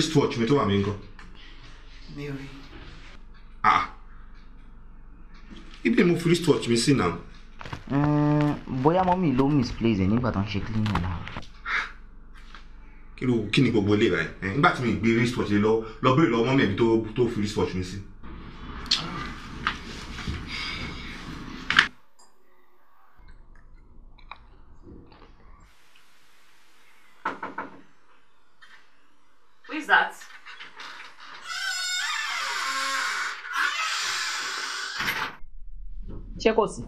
wristwatch mi tó wà mí ńkọ́. mi ah ibi mo fi wristwatch mi sí náà. bóyá mọ́mí ló misplace ẹ̀ nígbà tó ń ṣe clean ọ̀la. kí ló kí ni gbogbo ilé rẹ̀ nígbà tí mi gbé wristwatch lọ lọ bèrè lọ mọ́mí ẹ̀mí tó fi wristwatch mi sí. ṣé kò sí.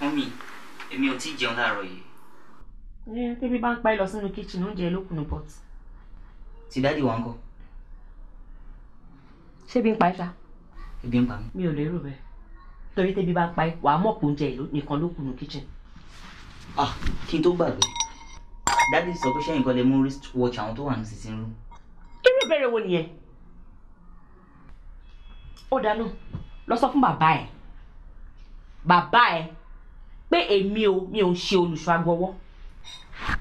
mọ́mí èmi ò tí ì jẹun láàárọ̀ yìí. ẹ tẹ́bí bá ń pa ẹ lọ sínú kíchìn oúnjẹ ló kùnú pọ̀t. ti dáàdì wa ń kọ́. ṣé bí ń pa ẹ ṣá. ebi ń pa mí. mi ò lérò bẹ́ẹ̀ torí tẹ́bí bá ń pa ẹ wàá mọ̀ pé oúnjẹ nìkan ló kùnú kíchìn. ah kí n tó gbàgbé dáàdì sọ pé ṣẹ́yìn kan lè mú wrist watch àwọn tó wà ní sísìn rú. irú ìbéèrè wo nìyẹn. ó dáná lọ sọ fún bàbá ẹ̀ bàbá ẹ pé èmi o mi ò ṣe olùṣọ́ agbọ̀wọ́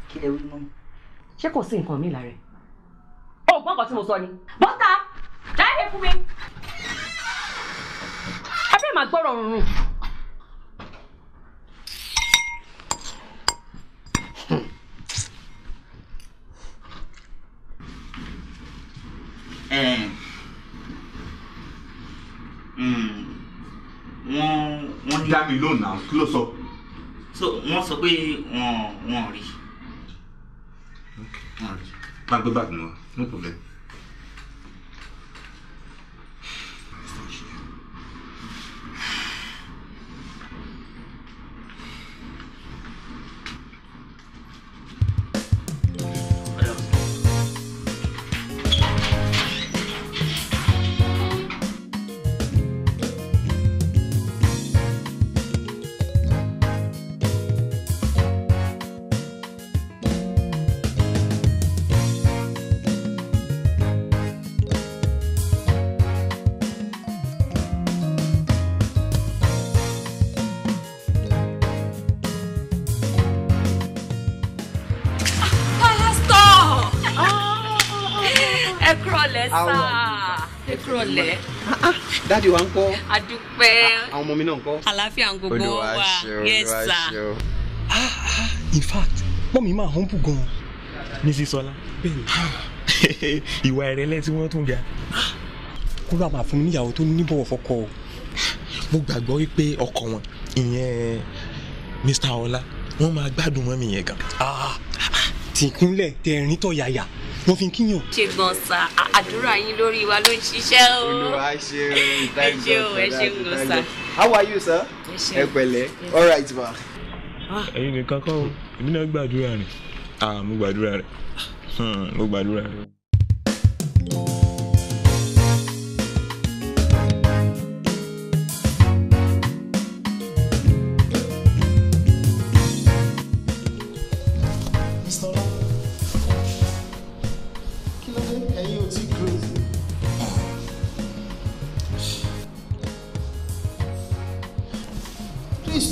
kí lè rí mọ́ ṣé kò sí nǹkan mi lára ẹ̀ o gbọ́ tí mo sọ ni bọ́tà jáde fún mi abẹ́ màá gbọ́rọ̀ rùn. Um. tún dá mi lónìí náà kí ló so wọ́n sọ pé wọ́n wọ́n rí. bá a gbé báàgì mi wá no problem. ẹ kúrọ̀lẹ́ sáà ẹ kúrọ̀lẹ́. Ah, ah. dáàdi wa ń kọ́. adúpẹ́. àwọn ọmọ mi náà ń kọ́. àlàáfíà ń gbogbo wa yes ah, in fact mọ́mí máa humble gan-an ní sísọlá bẹ́ẹ̀ ìwà ìrẹ̀lẹ̀ tí wọ́n tún ga kó lóò máa fún mi níyàwó tó níbọ̀wọ̀ fọ́kọ o mo gbàgbọ́ wípé ọkọ wọn ìyẹn Mr. Ọlá wọ́n máa gbádùn mọ́mí yẹn gan. tìkúnlẹ̀ tẹ̀rín tọ̀yàyà wọ́n fi ń kíyàn. ṣègbọn sá àdúrà yín lórí wa ló ń ṣiṣẹ́ o. olùwà ṣe ẹ ṣe o ṣe gbọn sá. how are you sir. ẹ pẹ̀lẹ́ all right ma. Ah. ẹ̀yin nìkan kọ́ o èmi náà gbàdúrà rẹ̀ ah, mo gbàdúrà rẹ̀ hmm, mo gbàdúrà rẹ̀.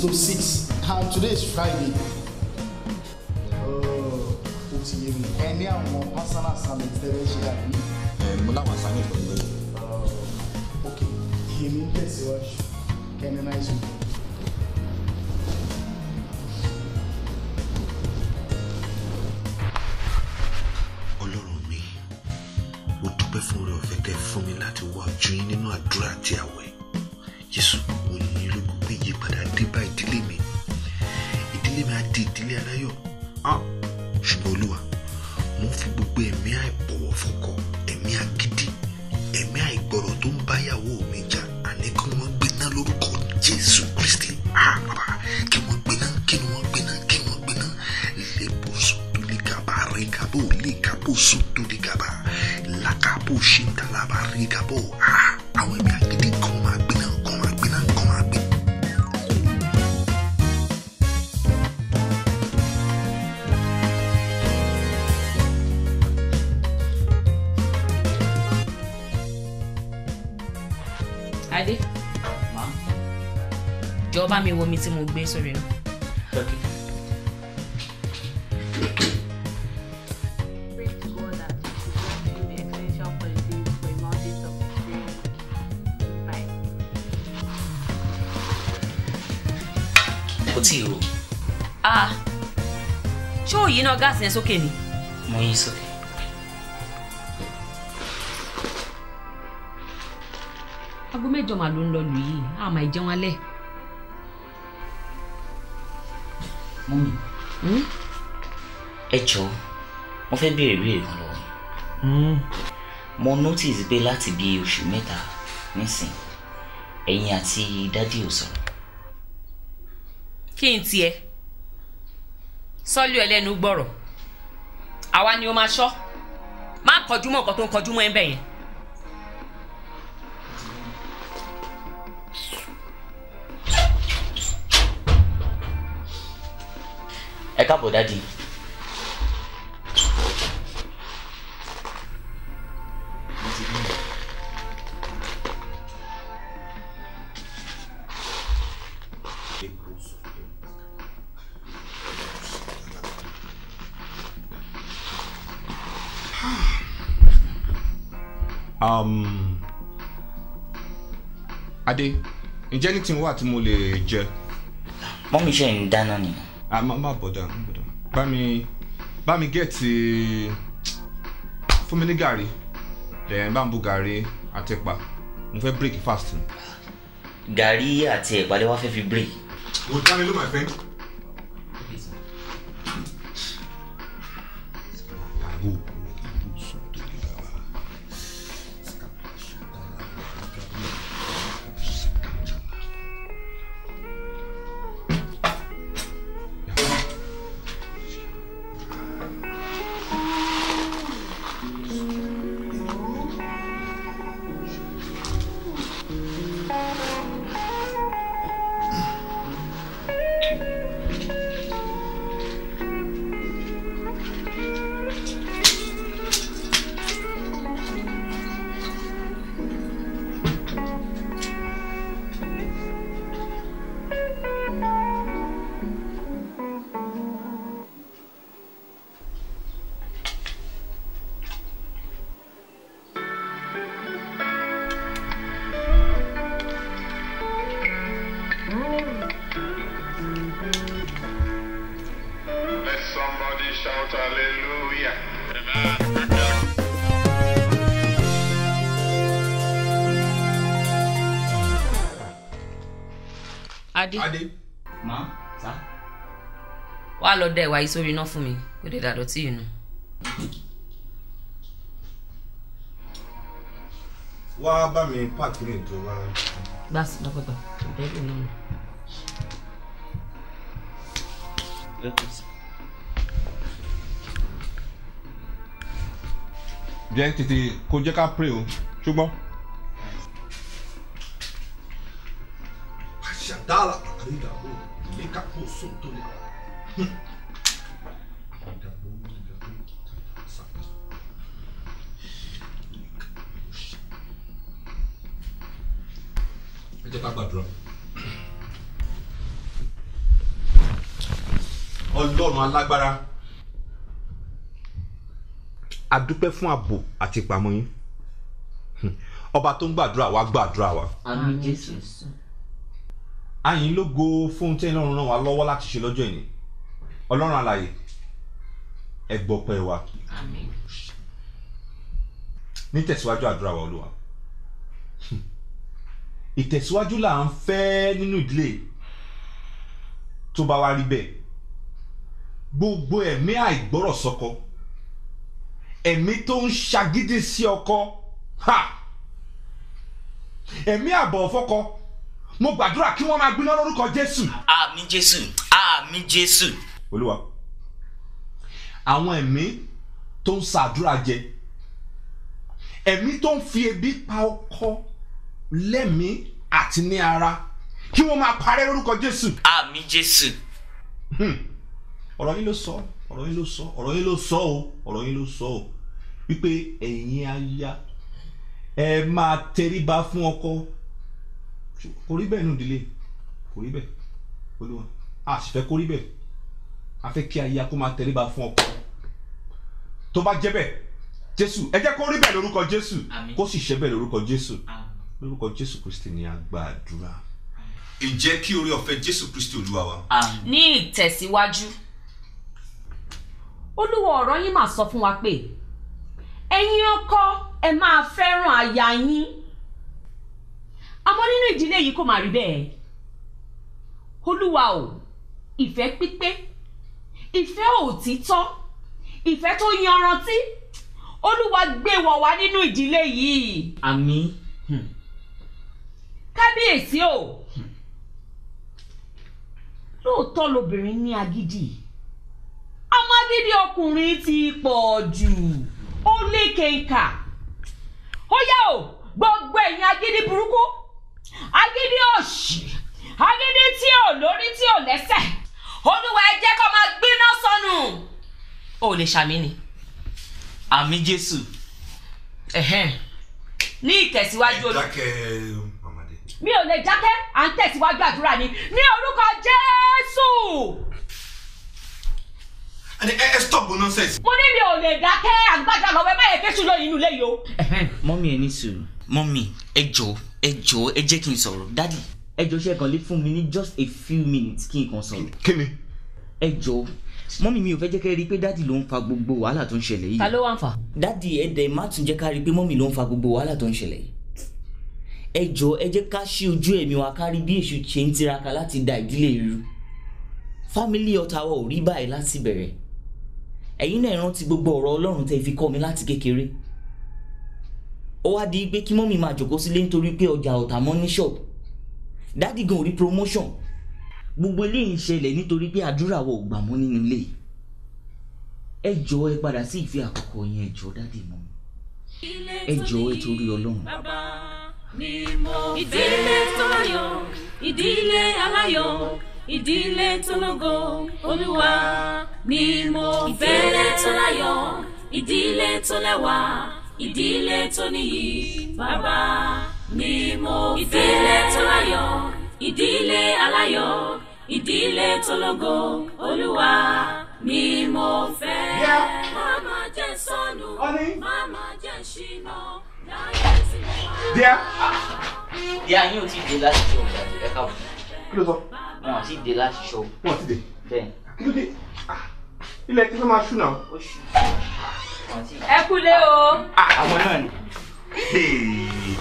to six and today is friday oh, ó ti yé mi ẹ ní àwọn personal assignment tẹ́lẹ̀ ṣe àbí. ẹ mo láwọn assignment pẹ̀lú ẹ. Oh, ok èmi ń tẹ̀síwájú kẹ́ni náà ṣe. ọlọ́run mi mo dúpẹ́ fún oore ọ̀fẹ́ tẹ́ fún mi láti wá ojú yín nínú àdúrà àti àwọn. tí mo gbé sórí náà. kò tí ì ah ṣé òòyì náà gáàsì yẹn sókè ni. mo yí sókè. aago mẹ́jọ màá ló ń lọ lù yìí a máa jẹun alẹ́. ẹ jọ̀ọ́ mo fẹ́ béèrè ìbéèrè kan lọ́wọ́ hmm. mo notice pé láti bí oṣù mẹ́ta nísìn ẹ̀yin àti dádì ò sọ̀rọ̀. kí n tiẹ̀ sọ́lú ẹlẹ́nu gbọ́rọ̀ àwa ni ó máa ṣọ́ má kọjú mọ́ nǹkan tó ń kọjú mọ́ ẹ bẹ́ẹ̀ yẹn. ẹ káàbọ̀ dádì. um, Adé ǹjẹ́ anything wà tí mo lè jẹ. mọ́mí ṣe ń dáná ni. a ah, má má bọ̀dà má bọ̀dà bá mi bá mi gẹ̀ẹ́tì fún mi ní gàrí then bá ń bu gàrí àti mo fẹ́ break fast. gàrí àti ẹ̀pà lè wá fẹ́ fi break. mo dá mi ló máa fẹ́. ẹ̀wà yìí sórí iná fún mi kó lè dàdọ̀tí yìí nù. wá bá mi páàkì ní ìtura. gbàsí lọ́pọ̀tọ̀ ìbẹ́ẹ̀lì náà. jẹ́ tètè kó jẹ́ ká pray o ṣùgbọ́n. máa lágbára a dúpẹ́ fún ààbò àti ìpamọ́ yín ọba tó ń gbàdúrà wa gbàdúrà wa. àmín jésù. àyìn lógo fóun tẹ́yìn lọ́rùn ràn wá lọ́wọ́ láti ṣe lọ́jọ́ ìní ọlọ́run alààyè ẹ gbọ́pẹ́ wa. àmín. nítẹ̀síwájú àdúrà wa olúwa ìtẹ̀síwájú là ń fẹ́ nínú ìdílé tó bá wa rí bẹ́ẹ̀ gbogbo ẹ̀mí àìgbọ́rọ̀ sọ́kọ ẹ̀mí tó ń ṣagídí sí ọkọ ha ẹ̀mí àbọ̀ fọ́kọ mo gbàdúrà kí wọ́n máa gbiná lórúkọ Jésù. àmín Jésù àmín Jésù. Olúwa àwọn ẹ̀mí tó ń ṣàdúrà jẹ ẹ̀mí tó ń fi ebi pa ọkọ lẹ́mìí àti ní ara kí wọ́n máa parẹ́ lórúkọ Jésù. àmín Jésù. Hmm ọ̀rọ̀ yín ló sọ ọ̀rọ̀ yín ló sọ ọ̀rọ̀ yín ló sọ o ọ̀rọ̀ yín ló sọ o wípé ẹ̀yin aya ẹ máa tẹríba fún ọkọ kò rí bẹ́ẹ̀ nù ìdílé kò rí bẹ́ẹ̀ olúwa a sì fẹ́ kó rí bẹ́ẹ̀ a fẹ́ kí aya kó máa tẹríba fún ọkọ tó bá jẹ́ bẹ́ẹ̀ jésù ẹ jẹ́ kó bẹ́ẹ̀ lórúkọ jésù kó sì ṣe bẹ́ẹ̀ lórúkọ jésù lórúkọ jésù kristi ni a gba kí oore ọ̀fẹ́ jésù kristi olúwa wa. ní ìtẹ̀síwájú. Si olúwa ọ̀rọ̀ yín máa sọ fún wa pé ẹ̀yin ọkọ ẹ máa fẹ́ràn aya yín àmọ́ nínú ìdílé yìí kò máa rí bẹ́ẹ̀ olúwa o ìfẹ́ pípé ìfẹ́ òtítọ́ ìfẹ́ tó yanrantí olúwa gbé wọ̀ wá nínú ìdílé yìí. àmín. Hmm. kábíyèsí o lóòótọ́ lobìnrin ní agídí yìí amadede ọkùnrin ti pọ̀ jù ó lékè nkà ó yá o gbogbo ẹ̀yin agídí burúkú agídí òṣì agídí tí ò lórí tí ò lẹ́sẹ̀ olúwa ẹ jẹ́ kó máa gbiná sọnù ó lè ṣàmì ni. àmì jésù ní ìtẹ̀síwájú olú. ẹ dákẹ́ mi ò lè dákẹ́ à ń tẹ̀síwájú àdúrà ni ní orúkọ jésù ẹ ẹ stop nonsense. mo ní mi ò lè dákẹ́ àgbàjà lọ́wọ́ ẹ má yẹ kéṣù mọ́mí mi just a few minutes kí n kàn sọ̀rọ̀. kí ni. ẹ jọ̀ọ́ mọ́mí mi ò fẹ́ jẹ́ kẹ́ rí i pé dádì ló ń fa gbogbo wàhálà tó ń ṣẹlẹ̀ yìí. ta ló wá ń fa. dádì ẹ dẹ̀ má tún jẹ́ ká rí i pé mọ́mí ló ń fa gbogbo wàhálà tó ń ṣẹlẹ̀ yìí. ẹ jọ̀ọ́ ẹ jẹ́ ká ṣí ojú ẹ̀mí wa ká rí bí èṣù ṣe ń tiraka láti da ìdílé irú. fámílì ọ̀tá ò rí báyìí láti bẹ̀rẹ̀ ẹ̀yin náà rántí gbogbo ọ̀rọ̀ ọlọ́run tẹ́ fi kọ́ mi láti kékeré ó wá di pé kí mọ́mí máa jòkó sílé nítorí pé ọjà ọ̀tà mọ́ ṣọ́ọ̀bù dádì gan orí promotion gbogbo eléyìí ń ṣẹlẹ̀ nítorí pé àdúrà wọ ògbà mọ́ nínú ilé ẹ jọ ẹ padà sí ìfẹ́ àkọ́kọ́ yẹn ẹ jọ dádì mọ́ ẹ jọ ẹ torí ọlọ́run. ìdílé tó láyọ̀ ìdílé aláyọ̀ ìdílé tó lógo olúwa ni mo fẹ́. ìdílé tó láyọ̀ ìdílé tó lẹ́wà ìdílé tó níyì bàbá ni mo fẹ́. ìdílé tó láyọ̀ ìdílé aláyọ̀ ìdílé tó lógo olúwa ni mo fẹ́. má mà sọnù má mà ṣìnà láyé tí mo wà. díẹ̀ yín ò tí ì dé láti ṣe òkè àti ẹ̀ka kí ló sọ wọn sì dé láti ṣọ. wọn ti dé. bẹ́ẹ̀. kí ló dé ah, ilẹ̀ tí wọ́n máa ṣú náà. ó ṣù ẹ kúlé o. Ah, ah, àwọn náà ni.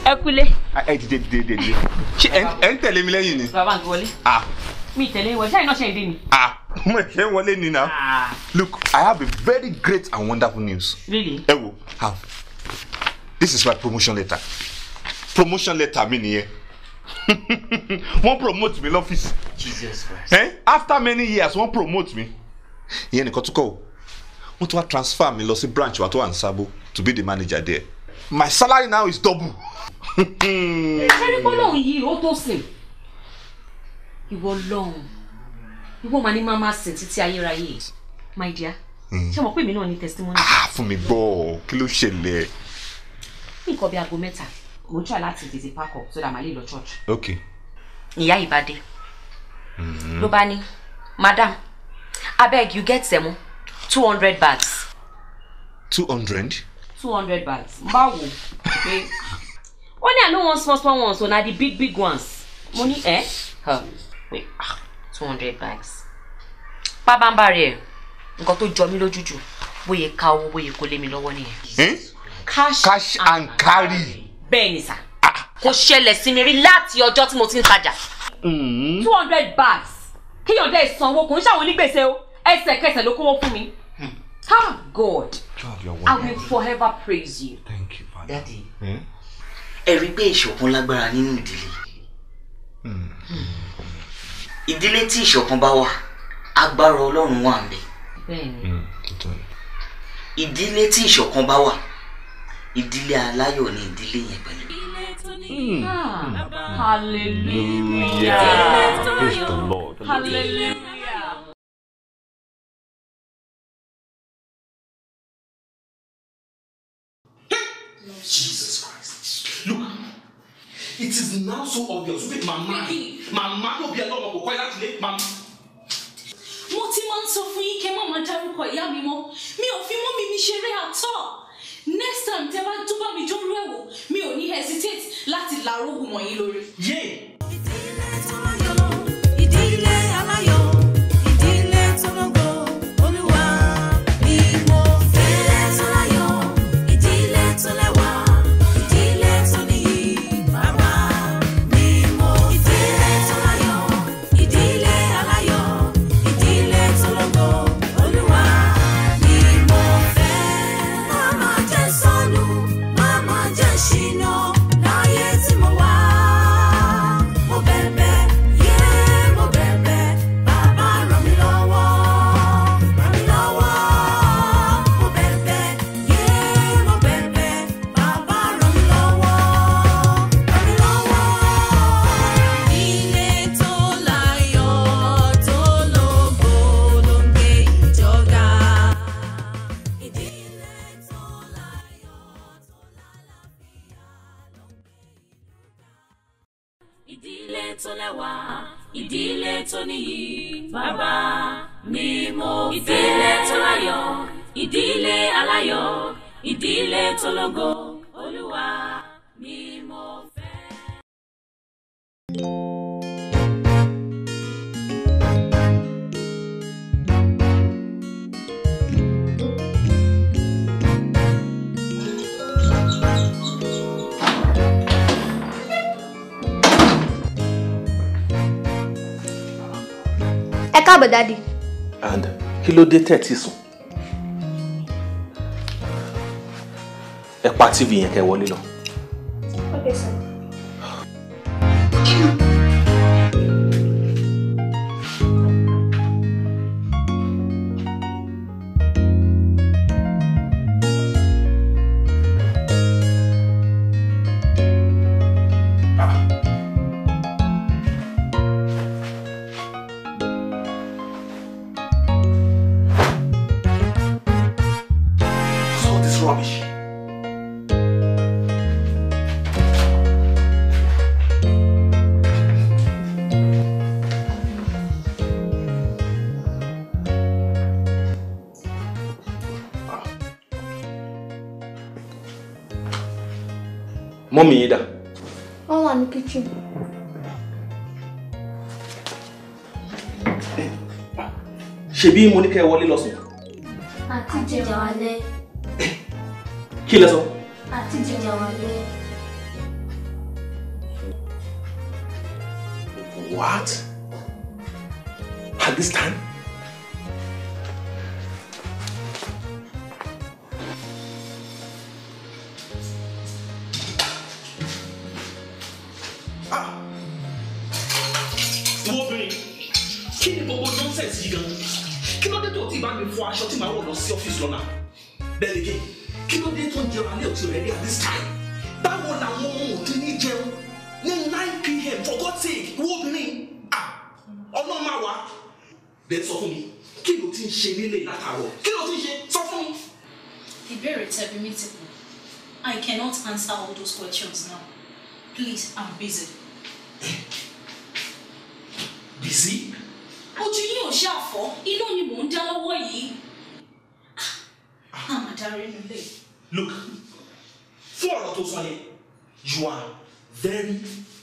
ẹ kúlé. ẹ dìde dìde dìde ṣé ẹ ń tẹ̀lé mi lẹ́yìn ni. bàbá mi wọlé. mi tẹ̀lé wọlé ṣáà iná ṣe èdè Ah. mo ṣe ń wọlé ni na look I have a very great and wonderful news. really. ẹ wo have this is my promotion letter promotion letter mi nìyẹn wọ́n promote me, lọ́fíìsì. Jesus Christ. Eh? after many years wọ́n promote me. ìyẹn nìkan tún kọ́ o wọ́n tún wá transfer mi lọ sí branch wa tó wà ní Sabo to be the manager there my salary now is double. ṣẹ́ni gbọ́dọ̀ yìí ó tó sìn ìwọ lọ́hùn ìwọ màá ní máa máa sìn títí ayérayé my dear hmm. ṣé mo pè mí náà ní testimony. Ah, fún mi gbọ́ kí ló ṣẹlẹ̀. nǹkan bíi aago mẹ́ta mo try láti tètè pack up so that màá lè lọ church. ok. ìyá ìbàdí mhm. ló bá ní madam abeg you get semo two hundred bags. two hundred. two hundred bags n okay. Only i know one small small one so na the big big ones Money, eh? ẹ wait ah, two hundred bags pábánbárẹ̀ ẹ̀ nǹkan tó jọ mí lójú jù bóyá ká owó bóyá kó lé mi lọ́wọ́ nìyẹn. Eh? cash and carry bẹ́ẹ̀ ni sà kò ṣẹlẹ̀ sí mi rí láti ọjọ́ tí mo ti ń tajà. Mm-hmm. two hundred bags kíyàn dẹ́ sanwó kò ń ṣàwọn onígbèsè o ẹsẹ̀kẹsẹ̀ ló kówó fún mi. thank God I will forever praise you. thank you father. daddy hmm? ẹ rí pé ìṣọ̀kan lágbára nínú ìdílé hmm. ìdílé tí ìṣọ̀kan bá wà agbára ọlọ́run wà ń bẹ hmm. ìdílé tí ìṣọ̀kan bá wà ìdílé aláyọ̀ ni ìdílé yẹn pẹ̀lú. Hmm. Hmm. hallelujah praise the lord hallelujah. Jesus Christ. Look, it is now so obvious. With my mind, my mind will be alone. Kò kọ́ ẹ láti lé, my mo ti máa ń sọ fún yín kẹ́ mọ̀ máa dárúkọ ìyá mi mọ́ mi ò fi mọ́ mi mi ṣeré àtọ́ next time tẹ bá tó mi jọ́rú ẹ̀wò mi ò ní hesitate láti la orógùn wọ̀nyí lórí. Yeah. lónìí bàbá ni mo fẹ́. ìdílé tó láyọ̀ ìdílé aláyọ̀ ìdílé tó lógo olúwa ni mo fẹ́. káàbọ̀ dáàdì. and kí ló dé tẹ̀ tí sùn. ẹ pa tv yẹn kẹ́ wọlé lọ. ok sir. mọ́mì yín dà. wọ́n wà ní kitchen. ṣebí mo ní kẹ́ ẹ wọlé lọ sùn. àti jẹjẹ wálé. kí lẹ sọ. àti jẹjẹ wálé. What? Pakistan? aṣọ my màá wọ̀ lọ sí ọ́fíìsì lọ́nà bẹ́ẹ̀ lèkè kí ló dé tó ń at this time báwo làwọn ọmọ òde ní jail. ní nine pm for God's sake wo me. Ah, máa wá bẹ́ẹ̀ sọ fún mi kí ló ti ń ṣe nílé látàárọ̀ kí ló ti ń ṣe sọ fún mi. ìbéèrè tẹ̀bí mi ti I cannot answer all those questions now please I'm busy. busy. ojú yìí ò ṣe àfọ́ inú ni mò ń dá lọ́wọ́ yìí àwọn adarí inú ilé. look fún ọ̀rọ̀ tó you are very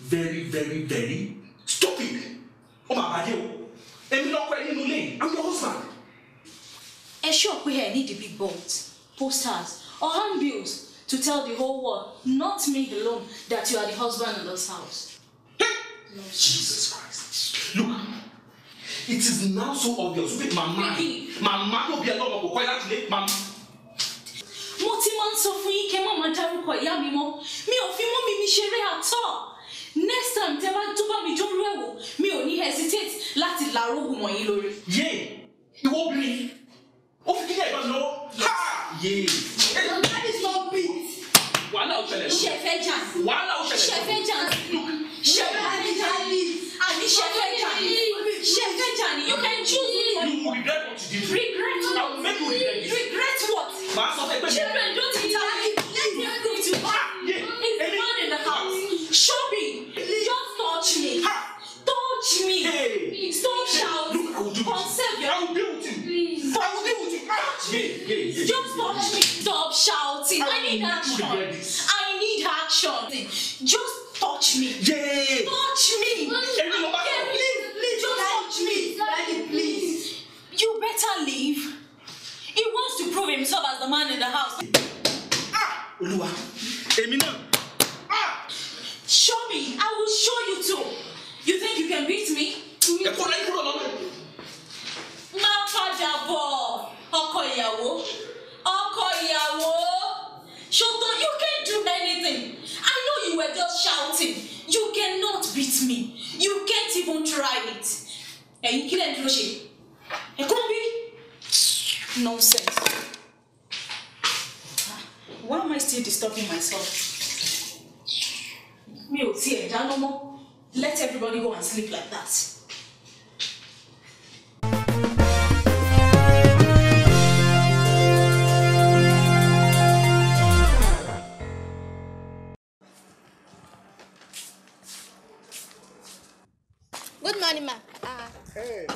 very very very stupid Oh my God! o èmi lọ́kọ ẹ nínú i'm your husband. ẹ ṣọ́ pé ẹ ní the big boards posters or handbills to tell the whole world not me alone that you are the husband in this house. Lord Jesus Christ. Look, it is now so obvious. Wait, my man will be alone. Mama mo ti máa ń sọ fún yín kẹ má máa dárúkọ ìyá mi mọ́ mi ò fi mọ́ mi mi ṣeré àtọ́ next time tẹ bá tó mi jó rú ẹ̀wò mi ò ní hesitate láti la orógùn wọ̀nyí lórí. yé ìwọ obìnrin ó fi kílẹ̀ ìbọn lọ́wọ́ ha yé. that is not beat. wàhálà ò ṣẹlẹ̀. ṣẹfẹ jan. wàhálà ò ṣẹlẹ̀. ṣẹfẹ jan. ṣẹfẹ jan. àbí ṣẹfẹ jan. ṣẹfẹ jan. you can choose. you will regret what you did. regret what. regret what màá sọ fún ẹ pé. children don't eat out let me go to work it's fun in the house Shopping. just touch me touch me don't shout conserve your please touch me just touch me stop shouting I need action I need action just touch me touch me I care please just touch me you better leave. He wants to prove himself as the man in the house. Ah! Olúwa! Èmi Ah! Show me! I will show you too! You think you can beat me? Ẹ̀kọ́ láyé kúrò lọ́nà. Má padà bọ̀ ọkọ ìyàwó. Ọkọ ìyàwó! Ṣòtò, you can't do anything. I know you were just shouting. You cannot beat me. You can't even try it. Ẹ̀yin kílẹ̀ ń dúró ṣe. Ẹ̀kọ́ bí. Nonsense. Why am I still disturbing myself? Mi see. No more. Let everybody go and sleep like that. Good morning, ma'am.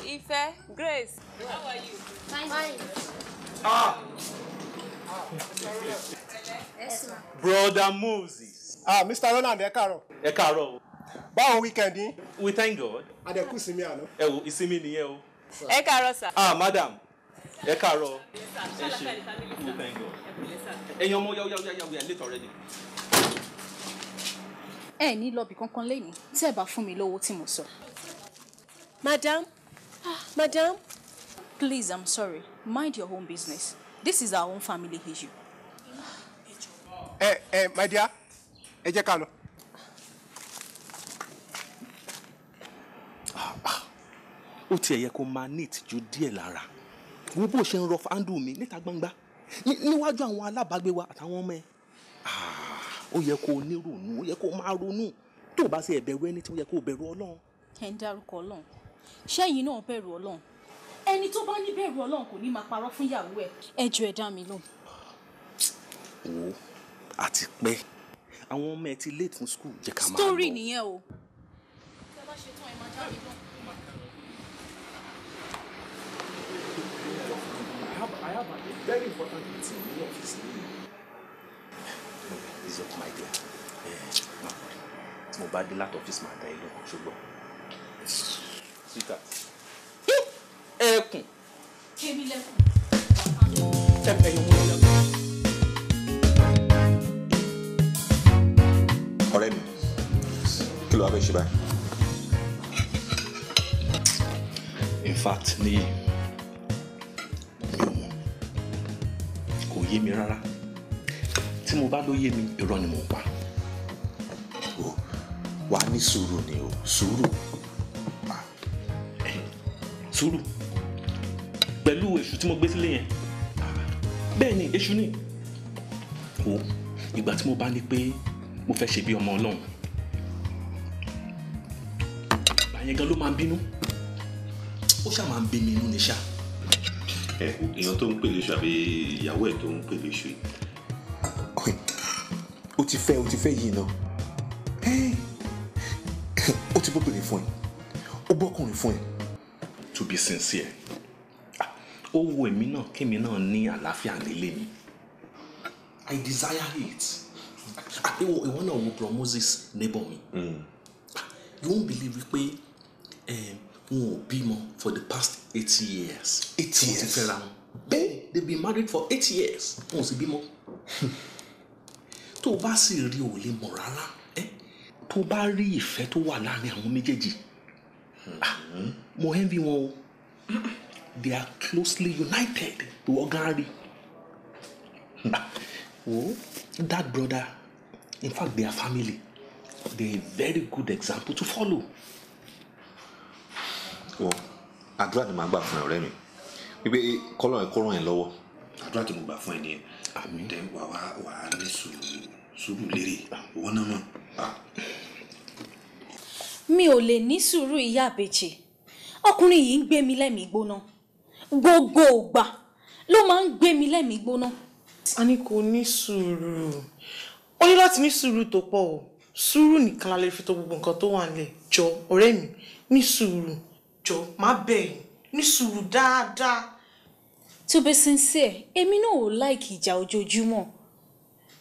Ife, Grace. How are you? Fine. Fine. Ah. Yes, ma. Brother Moses. Ah, Mr. Roland, ẹ káàárọ̀. Ẹ káàárọ̀ o. Báwo weekend yín? We thank God. Adẹ̀kú sinmi àná. Ẹ wo ìsinmi nìyẹn o. Ẹ káàárọ̀ sà. Ah, madam. Ẹ káàárọ̀. Ẹ ṣe. We thank God. Ẹyin ọmọ yáwó yáwó yáwó yà late already ẹ ní lọ́ọ̀bì kankan lẹ́yìn tí ẹ bá fún mi lówó tí mo sọ. madam Ah, madam. Please, I'm sorry. Mind your own business. This is our own family issue. Eh, eh, my dear. Ẹ jẹ́ ká lọ. Ó tiẹ̀ yẹ kó máa neat ju díẹ̀ lára. Wo bó ṣe ń rough handle mi níta gbangba. Níwájú àwọn alábàágbé wa àtàwọn ọmọ Ah, Ó yẹ kó ní ronú, ó yẹ kó máa ronú. Tó o bá ṣe ẹ̀bẹ̀rù ẹni tí o bẹ̀rù Ọlọ́run. Ẹ ń dárúkọ Ọlọ́run ṣẹ́yìn náà bẹ̀rù ọlọ́run ẹni tó bá ní bẹ̀rù ọlọ́run kò ní máa parọ́ fún ìyàwó ẹ̀. ẹ jọ ẹ dá mi lóhùn. wo àti pé àwọn ọmọ ẹ ti late fún school jẹ́ ká máa lọ. story nìyẹn o. tí a bá ṣe tán ẹ máa jáde the office. It's up my dear. Eh, mo bá dé títà ẹkùn. kébí lẹkùn. ẹ ẹ yọ mọ ìyá. ọ̀rẹ́ mi kí ló wàá fẹ́ ṣe báyìí. in fact níyì kò yé mi rárá tí mo bá ló yé mi irọ́ ni mo pa. wà á ní sùúrù ni o sùúrù sùúrù pẹ̀lú èṣù tí mo gbé sílé yẹn bẹ́ẹ̀ ni èṣù ni o ìgbà tí mo bá ní pé mo fẹ́ ṣe bí ọmọ ọlọ́run ìgbà yẹn gan ló máa ń bínú ó ṣáà máa ń bí mi inú ni ṣáà. ẹ èèyàn tó ń pè léṣu àbí ìyàwó ẹ tó ń pè léṣu yìí. ó ti fẹ́ o ti fẹ́ yìí náà ó ti bóbìnrin fún ẹ ó bọ́kùnrin fún ẹ to be sincere ah, ó wo èmi náà kémi náà ní àlàáfíà nílé mi i desire it àbíwọ ah, ìwọ náà wo bro moses neighbor mi hmm. ah, you won't believe pé eh, wọn ò bímọ for the past eight years eight years wọn ti fẹ́ra wọn bẹ́ẹ̀ they been married for eight years wọn ò sì bímọ tó o bá sì rí o lè mọ̀ rárá eh? tó o bá rí ìfẹ́ tó wà láàrin àwọn méjèèjì Ah, mo envy wọn o they are closely united to Ogari ah, wo that brother in fact their family they are a very good example to follow. wọ àdúrà ni màá gbà fún ọ̀rẹ́ mi wípé kọlọ ẹ kó ràn ẹ lọ́wọ́. àdúrà tí mo gbà fún ẹ nìyẹn àmì tẹ wàá wàá ní sùúrù sùúrù lérè owó náà mọ. Ah mi ò lè ní sùúrù ìyá àbèjì ọkùnrin yìí ń gbé mi lẹ́mìí gbóná gbogbo ògbà ló máa ń gbé mi lẹ́mìí gbóná. a ní kò ní sùúrù ó ní láti ní sùúrù tó pọ̀ o sùúrù nìkan la lè fi tò gbogbo nǹkan tó wà nílẹ̀ jọ ọ̀rẹ́ mi ní sùúrù jọ má bẹ̀ẹ̀ ní sùúrù dáadáa. to be sincere èmi náà ò láìkì ìjà ojoojúmọ́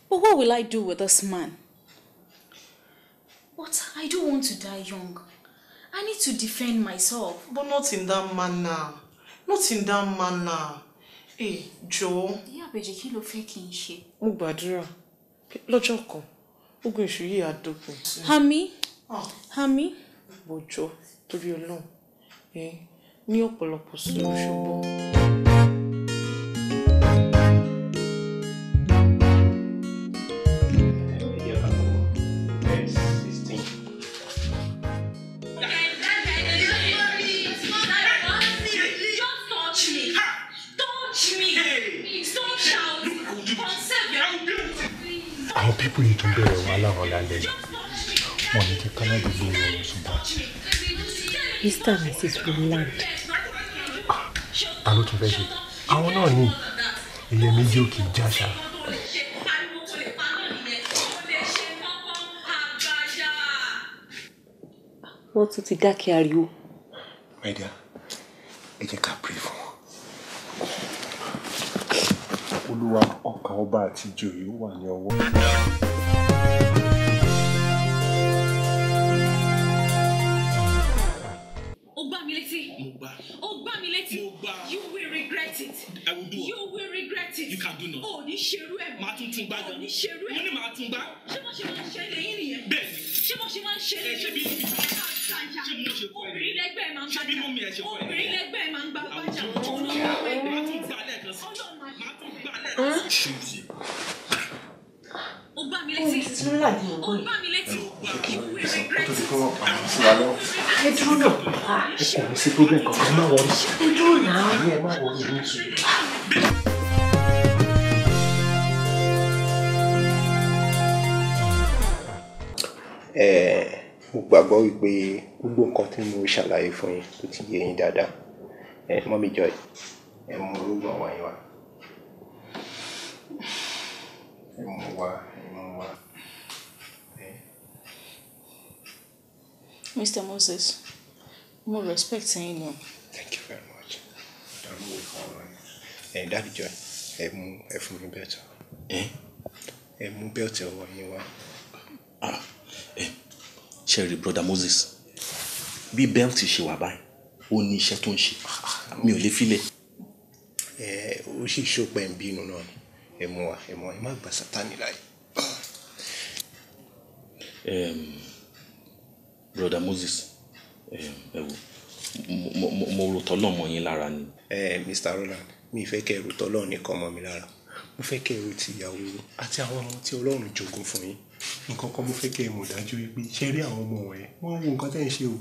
but what will I do with this man? I don't want to die young. I need to defend myself. But not in that manner. Not in that manner. Hey, eh, Joe. Ìyá Àbèjì kí ló fẹ́ your n ṣe? Mo gbàdúrà. Lọ́jọ́ kan, ogun èṣù yìí á dópin. Hami. Ah. Hami. Bọ̀jọ́ torí Ọlọ́run. Eh, ní ọ̀pọ̀lọpọ̀ sùúrù ṣùgbọ́n. láwọn lálẹ́ yìí wọn ní kí kánádì gbé ìròyìn ṣùgbọ́n. mr and mrs roland. Ah, ta ló tún fẹ́ ṣe àwọn náà ní ilé méjì òkè jáṣà. wọ́n tún ti dákẹ́ ariwo. my dear ẹ jẹ́ ká pray fún wọn. olúwa ọkàn ọba àti ìjòyè wà ní ọwọ́. correct you can do nothing. o ní ṣerú ẹ̀. màá tún tún gbá gan. o ní ṣerú ẹ̀. mo ní màá tún gbá. ṣé mo ṣe máa ń ṣe lẹ́yìn nìyẹn. bẹ́ẹ̀ ṣé mo ṣe máa ń ṣe lẹ́yìn. ṣé bí mo ṣe kọ ẹ. obìnrin lẹ́gbẹ̀ẹ́ máa ń bá jà. ṣé bí mo mi ẹ̀ ṣe kọ ẹ. obìnrin lẹ́gbẹ̀ẹ́ máa ń gbá bá jà. màá tún gbá lẹ́ẹ̀kan sí. màá tún gbá lẹ́ẹ̀kan sí. o gbá mi létí. o gbá mi létí. ẹ dúró náà. ẹ kò ní sí problem kankan má wọrí. ẹ dúró náà. ẹ má wọrí ní sùn. um mo gbàgbọ́ wípé gbogbo nǹkan tí mo ṣàlàyé fún yín ló ti yé yín dáadáa um mummy Joy ẹ mú orógùn ọwọ́ yín wá Mr. Moses mo respect yín gan. Thank you very much dàrú wò fún ọ̀rọ̀ yín ẹ dáàbì Joy ẹ mú ẹ better. Eh? bẹ́ẹ̀ tán ẹ mú bẹ́ẹ̀ tẹ Ah ṣẹ́rí brother Moses bí belt ṣe wà báyìí ó ní iṣẹ́ tó ń ṣe mi ò lè filẹ̀. ẹ ó sì ṣọpọ bínú náà ni ẹ mọ wa ẹ mọ ẹ má gba sátani láyé. brother Moses ẹ wo mo rò tọ́lọ̀ mọ́ yín lára ni. ẹ Mr Roland mi fẹ́ kẹ́ ẹ rò tọ́lọ̀ nìkan mọ́ mi lára mo fẹ́ kẹ́ ẹ rò ti ìyàwó àti àwọn ọmọ tí Ọlọ́run jogún fún yín nǹkan kan mo fẹ́ kẹ́ ẹ mọ̀ dájú wípé ṣe rí àwọn ọmọ wọ̀nyẹn wọ́n wo nǹkan tẹ́ ń ṣe o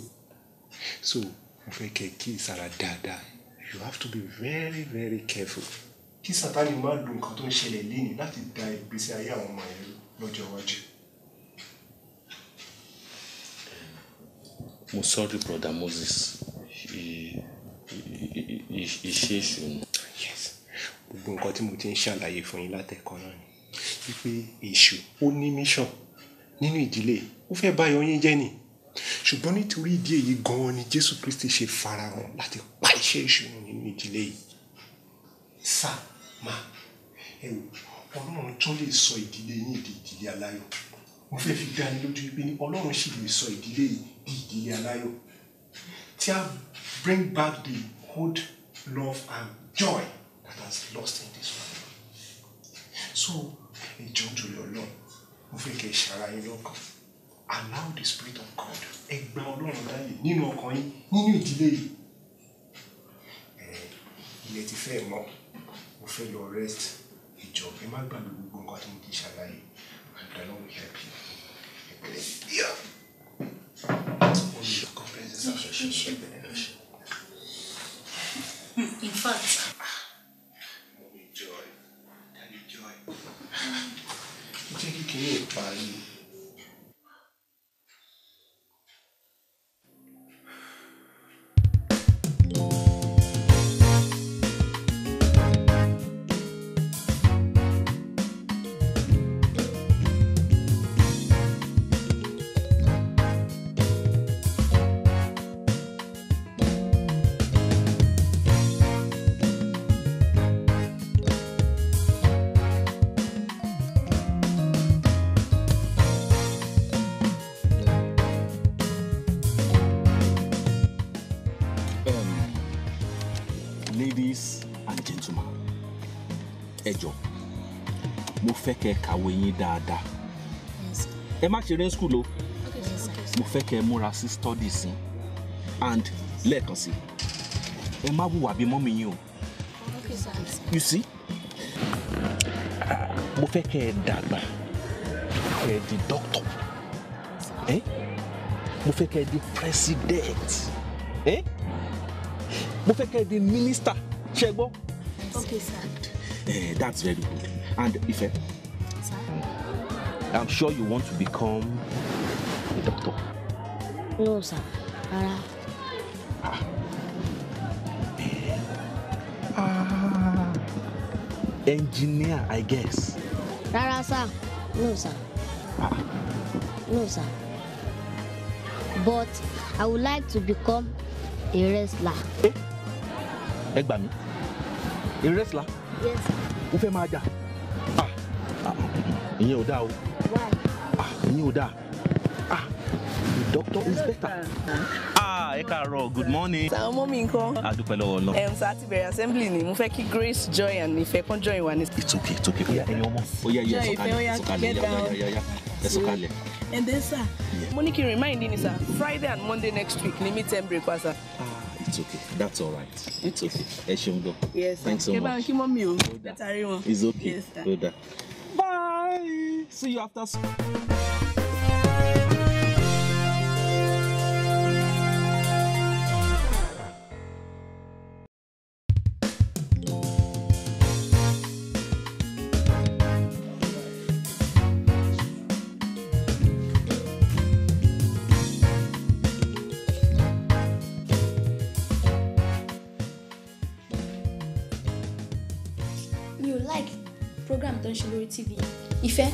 so mo fẹ́ kẹ́ ẹ kí ìsara dáadáa you have to be very very careful. kí sátani máa lo nǹkan tó ń ṣẹlẹ̀ lẹ́yìn láti da ìgbésí ayé àwọn ọmọ yẹn lọ́jọ́ iwájú. mo sorry brother Moses ìṣe yes gbogbo nǹkan tí mo ti ń ṣàlàyé fún yín látẹ̀kọ́ náà ni wípé èṣù ó ní mission nínú ìdílé ó fẹ́ bá yọyín jẹ́ ni ṣùgbọ́n nítorí ìdí èyí gan-an ni Jésù Kristi ṣe farahàn láti pa iṣẹ́ èṣù nínú ìdílé yìí sáà máa ẹ wò ọlọ́run tún lè sọ ìdílé yín di ìdílé aláyọ̀ mo fẹ́ fi dá yín lójú pé ní ọlọ́run sì lè sọ ìdílé yìí di ìdílé aláyọ̀ tí a bring back the good love and joy that has lost in this world so ìjọ ń torí ọlọ́run mo fẹ́ kẹ́ ìṣara yín lọ́kàn allow the spirit of God ẹ gba ọlọ́run láàyè nínú ọkàn yín nínú ìdílé yìí ilẹ̀ ti fẹ́ mọ́ mo fẹ́ lọ rest ìjọ ẹ má gbàgbé gbogbo nǹkan tí mo ti ṣàlàyé and I know help you ẹ pẹ̀lẹ́ bíyà ó ní ọkọ pẹ̀lẹ́ ṣe ṣe In fact, 有百亿。kẹ́ ẹ kàwé yín dáadáa ẹ má ṣeré skul o mo fẹ́ kẹ́ múra sí study sí and lẹ́ẹ̀kan sí ẹ má wùwà bí mọ́mí yín o you see mo fẹ́ kẹ́ ẹ dàgbà ẹ di doctor ẹ eh? mo fẹ́ kẹ́ di president ẹ eh? mo fẹ́ kẹ́ di minister ṣe okay sir. Eh, that's very good and Ife. I'm sure you want to become a doctor. No, sir. Ah. Ah. Engineer, I guess. Rárá, sir. No, sir. Ah. No, sir. But I would like to become a wrestler. Eh? Ẹ gbà A wrestler? Yes, sir. Ó fẹ́ máa ah. ah. Ìyẹn ò Ah, new da. ah the doctor is better. ah Ekaro. good morning. sàwọn ọmọ mi nǹkan. a dúpẹ́ lọ́wọ́ lọ. assembly ni mo fẹ́ kí grace joy and ìfẹ́ kan join wa ní. it's okay it's okay oya ẹyin ọmọ oya yẹ sọ̀kalẹ̀ sọ̀kalẹ̀ yaya yẹ sọ̀kalẹ̀. and then sir mo ní remind you ni sir friday and monday next week ni meet and breakfast sir. Ah, it's okay. That's all right. It's okay. Ẹ ṣeun gan. Yes, Thanks so much. Kẹ́bàá kí mọ́ mi o. Bẹ́tà It's okay. Yes, Bye. See you after school. TV. Ìfẹ́,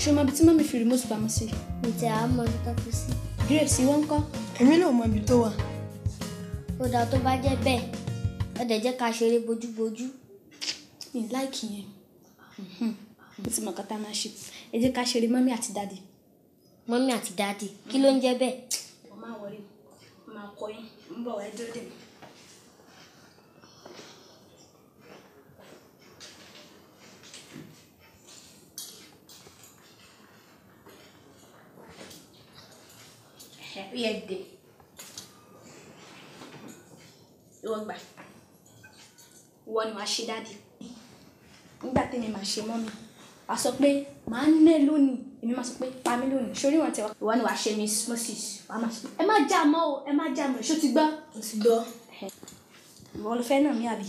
ṣé o mọ ibi tí mọ́mí fi remote pamọ́ sí? Ǹjẹ́ a mọ ibi tó fi sí? Grace, ìwọ ńkọ́? Èmi náà mọ ibi tó wà. Ó dáa tó bá jẹ́ bẹ́ẹ̀, ẹ dẹ̀ jẹ́ ká ṣeré bojúbojú. Mi láìkì yẹn. Hmm. Mo ti mọ kọ́tà máa ṣe. Ẹ jẹ́ ká ṣeré mọ́mí àti dáàdì. Mọ́mí àti dáàdì, kí ló ń jẹ́ bẹ́ẹ̀? Mo máa wọlé, mo máa kọ yín, mo bọ̀ wá dúró dè yẹ dè ìwọ gbà ìwọ ni wàá ṣe dáàdì nígbà tẹ́mi máa ṣe mọ́mì wàá sọ pé màá nẹ́ lónìí èmi máa sọ pé pa mí lónìí ṣorí wọn tẹ wá ni wàá ṣe miss moses wàá máa sọ pé ẹ má jà mọ́ o ẹ má jà mọ́ o ṣó ti gbọ́. mo ti gbọ́. ìwọ ló fẹ́ nà mí àbí.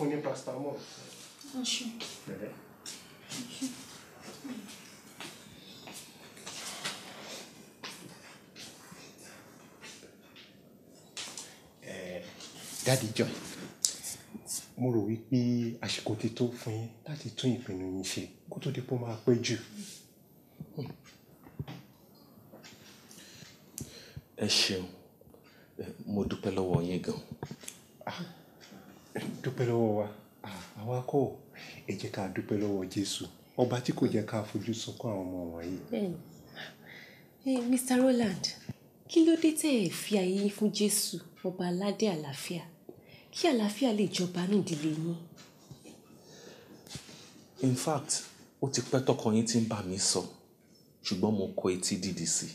fún ní paracetamol. bẹ̀rẹ̀. Daddy Joy mo rò wípé àsìkò ti tó fún yín láti tún ìpinnu yín ṣe kó tó di pé ó máa pẹ́ jù. ẹ ṣeun mo dúpẹ́ lọ́wọ́ yín gan-an. Ah. Dúpẹ́ lọ́wọ́ wa. Àwa kọ́ o. Ẹ jẹ́ ká dúpẹ́ lọ́wọ́ Jésù. Ọba tí kò jẹ́ ká fojú sunkún àwọn ọmọ wọ̀nyí. Ẹ Mr. Roland, kí ló dé tẹ́ ẹ fi ayé yín fún Jésù, ọba aládé àlàáfíà? Kí àlàáfíà lè jọba ní ìdílé yín. In fact, ó ti pẹ́ tọkọ yín ti ń bà mí sọ, ṣùgbọ́n mo kọ etí dìdì sí i.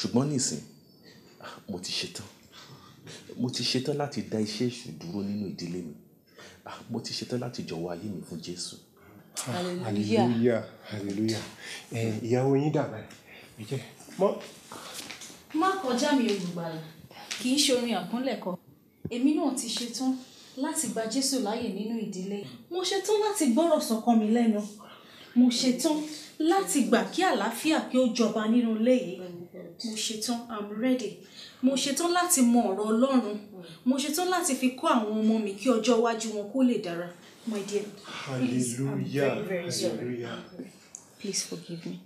Ṣùgbọ́n nísìnyí, mo ti ṣetán. Mo ti ṣetán láti dá iṣẹ́ èṣù dúró nínú ìdílé mi. À, ah, mo ti ṣetán láti jọ̀wọ́ ayé mi fún Jésù. Ah, hallelujah. Hallelujah. Hallelujah. Ẹ eh, ìyàwó yín dàgbà ẹ jẹ́. Mọ́. Má kọjá mi olùgbàlà. Kì í ṣe orin àkúnlẹ̀kọ. Èmi náà ti ṣetán láti gba Jésù láàyè nínú ìdílé. Mo ṣetán láti gbọ́rọ̀ sọ́kọ mi lẹ́nu. Mo ṣetán láti gbà kí àlàáfíà kí ó jọba nínú ilé yìí. Mo ṣetán. I'm ready mo ṣetán láti mọ ọ̀rọ̀ Ọlọ́run mo ṣetán láti fi kọ́ àwọn ọmọ mi kí ọjọ́ iwájú wọn kó lè dára my dear please please forgive me.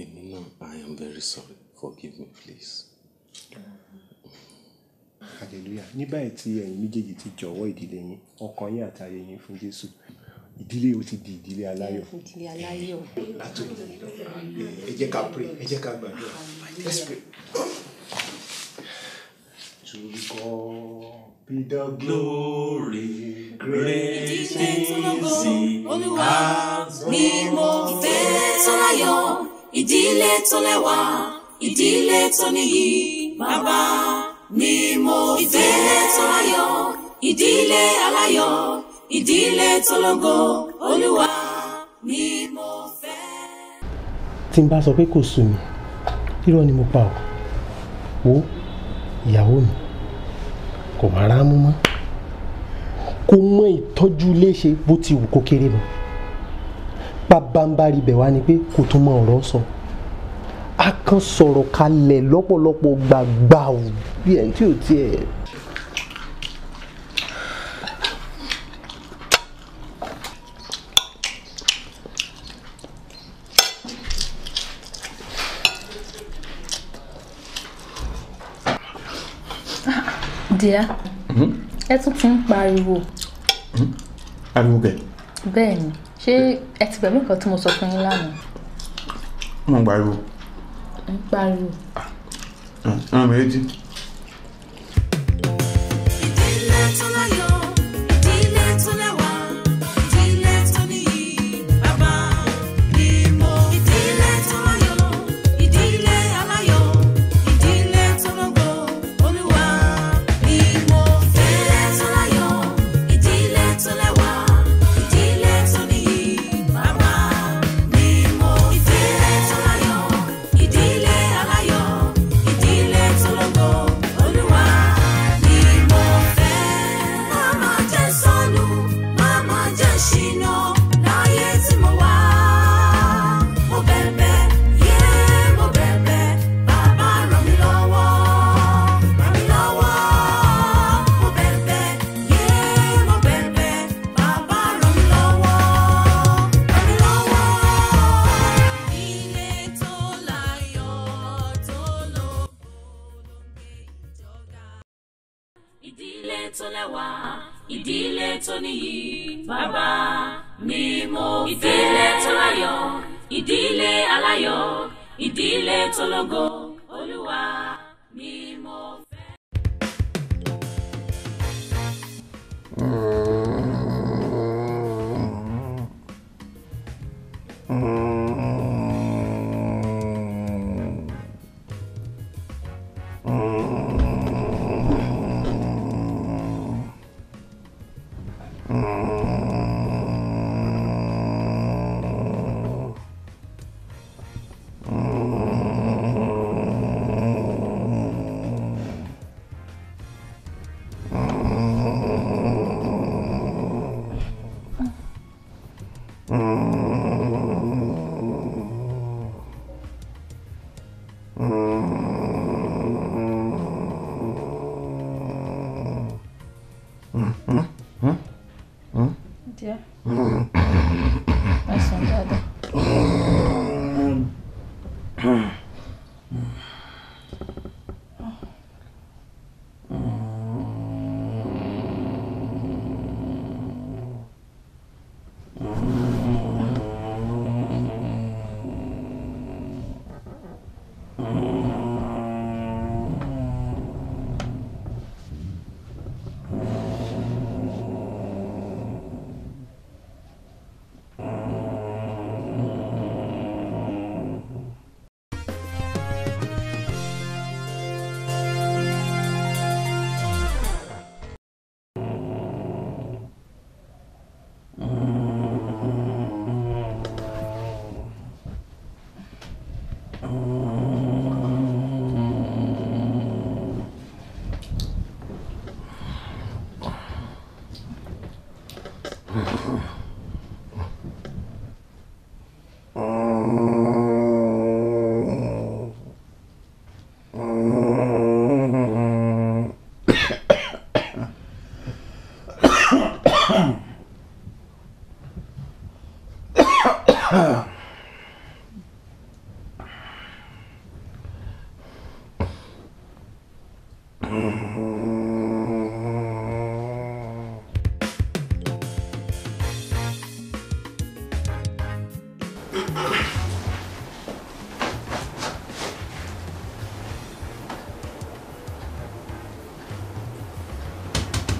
èmi náà i am very sorry forgive me please. hallelujah ní báyìí tí ẹ̀yin méjèèjì ti jọ̀wọ́ ìdílé yín ọkàn yín àti ayé yín fún Jésù ìdílé o ti di ìdílé aláyọ̀. ìdílé aláyọ̀. ẹ jẹ́ ká pray ẹ jẹ́ ká gbàdúrà let's pray to God be the glory, great is He. Olúwa ni mo fẹ́ tó láyọ̀, ìdílé tó lẹ́wà, ìdílé tó níyì, bàbá ni mo fẹ́ tó láyọ̀, ìdílé aláyọ̀, ìdílé tó lógo, Olúwa ni mo fẹ́. Tí n bá sọ pé kò sùn mí, irọ́ ni mo pa ọ́, wo ìyàwó mi kò rárá mú mọ́ kò mọ ìtọ́jú léṣe bó ti wù kó kéré mọ́ pabambari bẹ̀ wá ni pé kò tún mọ ọ̀rọ̀ sọ a kan sọ̀rọ̀ kalẹ̀ lọ́pọ̀lọpọ̀ gbàgbà bí ẹ̀ tí ò tiẹ̀. adìẹ mm-hmm. ẹ tún ti ń pariwo. Mm-hmm. ariwo bẹ́ẹ̀. bẹ́ẹ̀ ni ṣé ẹ ti gbàgbé nǹkan tí mo sọ fún yín lánàá. mo ń pariwo. ń pariwo. Ah, ràn mí létí.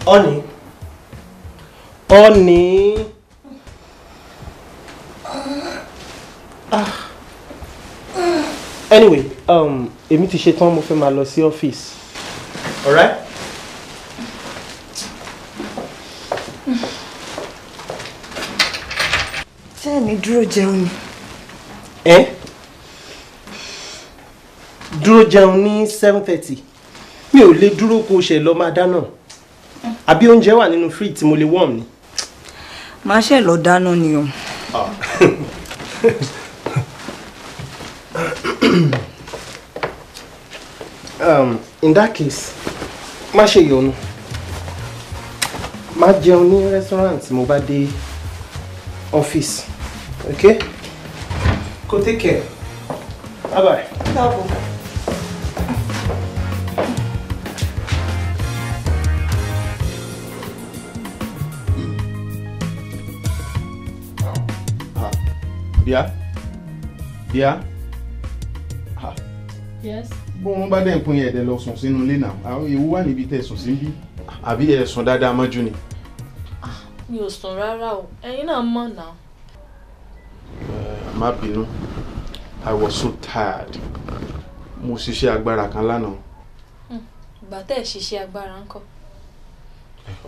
Oni, Oni. Ah. Anyway, um, èmi ti ṣetán mo fẹ́ máa lọ sí ọ́fíìsì. Alright? Tẹ́ẹ̀ni dúró jẹun ni. Ẹ́ dúró jẹun ní seven thirty mi ò lè dúró kó o ṣe lọ máa dáná àbí oúnjẹ wà nínú fridge tí mo lè warm ni. màá ṣe lọ dáná ni o. Ah. um, in that case má ṣe yọnu má jẹun ní restaurant mo bá dé office okay go take care bye bye. ìyá ah. bó wọn bá dẹ̀ ń pin ẹ̀dẹ̀ lọ sùn sínú ilé náà àwọn ewu wà níbi tẹ̀ sùn sí bí àbí ẹ̀ sùn dáadáa mọ́jú ni. Ah, mi ò sùn rárá o ẹ̀yin náà mọ̀ náà. má bínú i was so tired mo ṣiṣẹ́ agbára kan lánàá. Hmm, ìgbà tẹ́ ẹ̀ ṣiṣẹ́ agbára ńkọ́.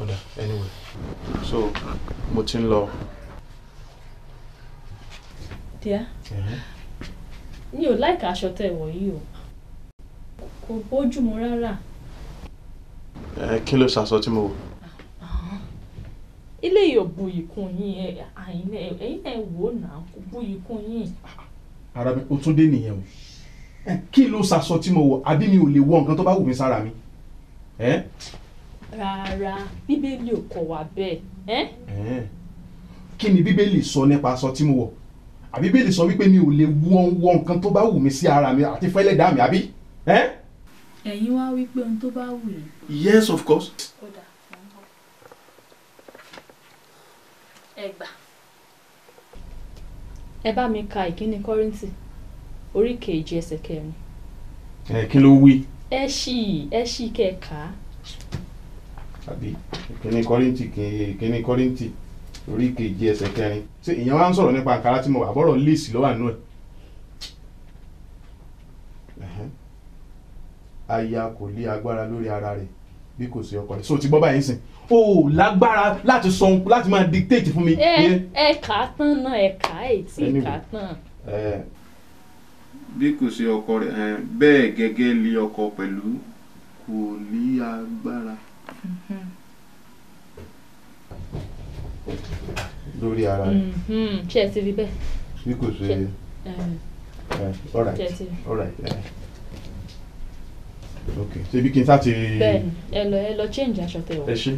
ọ̀dà anyway so mo ti ń lọ. díẹ̀. Yeah. Uh -huh mi ò láìka aṣọ tẹ̀ wọ̀nyí o kò bójú mu rárá. ẹ kí ló ṣaṣọ tí mo wò. ilé yìí ò buyì kún yín ẹ̀yin náà ẹ wò ó nà kò buyì kún yín. ara mi o tún dé nìyẹn o kí ló ṣaṣọ tí mo wò àbí mi ò lè wọ nǹkan tó bá wù mí sára mi. rárá bíbélì ò kọ̀ wá bẹ́ẹ̀. kí ni bíbélì sọ nípa aṣọ tí mo wọ̀ àbí bíbélì sọ wípé mi ò lè wọ́n wọ́n nǹkan tó bá wù mí sí ara mi àti fẹ́lẹ́ dá mi àbí. ẹ̀yin wá wípé ohun tó bá wù yín. yes of course. ẹ gbà. ẹ bá mi ka ìkíni kọ́rìntì orí kejì ẹsẹ̀ kẹrin. ẹ kí ló wí. ẹ ṣì ẹ ṣì kẹ kà á. àbí ìkíni kọ́rìntì ìkíni kọ́rìntì orí kejì ẹsẹ̀ kẹrin ṣé ìyẹn wá ń sọ̀rọ̀ nípa àǹkárá tí mo wà bọ́rọ̀ léèsì lọ́wọ́ àánú ẹ̀ aya kò lé agbára lórí ara rẹ̀ bí kò sí ọkọ rẹ̀ so ti gbọ́ báyìí sìn o lágbára láti sọ láti máa dictate fún mi. ẹ ẹ kà á tán náà ẹ kà á èyí tí ì kà á tán. bí kò sí ọkọ rẹ̀ bẹ́ẹ̀ gẹ́gẹ́ lé ọkọ pẹ̀lú kò lé agbára. Mm-hmm lórí ara rẹ̀. Mm-hmm. ṣé ẹ ti rí bẹ́ẹ̀. bí kò ṣe alright alright ok ṣe bí kí n sá ti. bẹ́ẹ̀ni ẹ lọ ẹ lọ change aṣọ tẹ wọ. ẹ ṣe.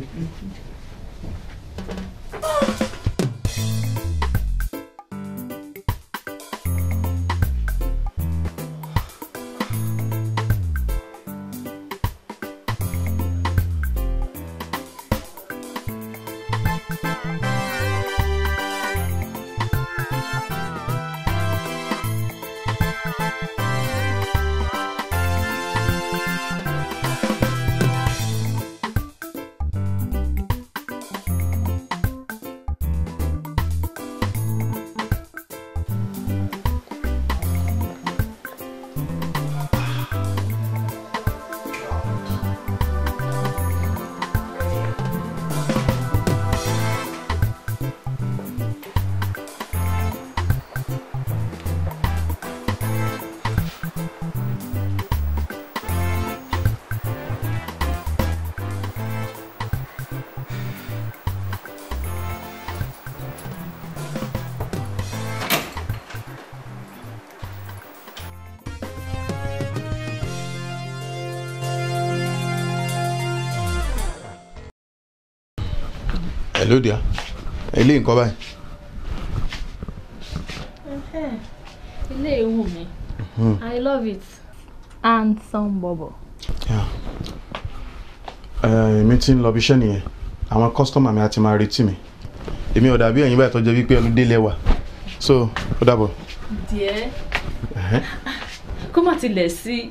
lóde à ilé nǹkan báyìí. ilé ewu mi hmm. i love it handsome bobo. Eh, èmi ti ń lọ bí iṣẹ́ nìyẹn àwọn kọ́sítọ́mà mi àti máa retí mi èmi ò dàbí ẹ̀yin báyìí tó jẹ́ wípé ẹnu délé wà so ó dàbọ̀. díẹ̀ kó má tilẹ̀ sí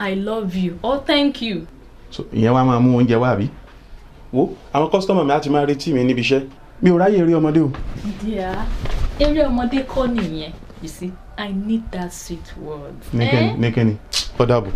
i love you or oh, thank you. so ìyẹn wàá máa mú oúnjẹ wá àbí àwọn kọ́sítọ́mù mi á ti máa retí mi níbi iṣẹ́ mi ò ráyè eré ọmọdé o. díà eré ọmọdé kọ́ nìyẹn you see i need that sweet word. nìkẹ́ni eh? nìkẹ́ni ó dàbọ̀.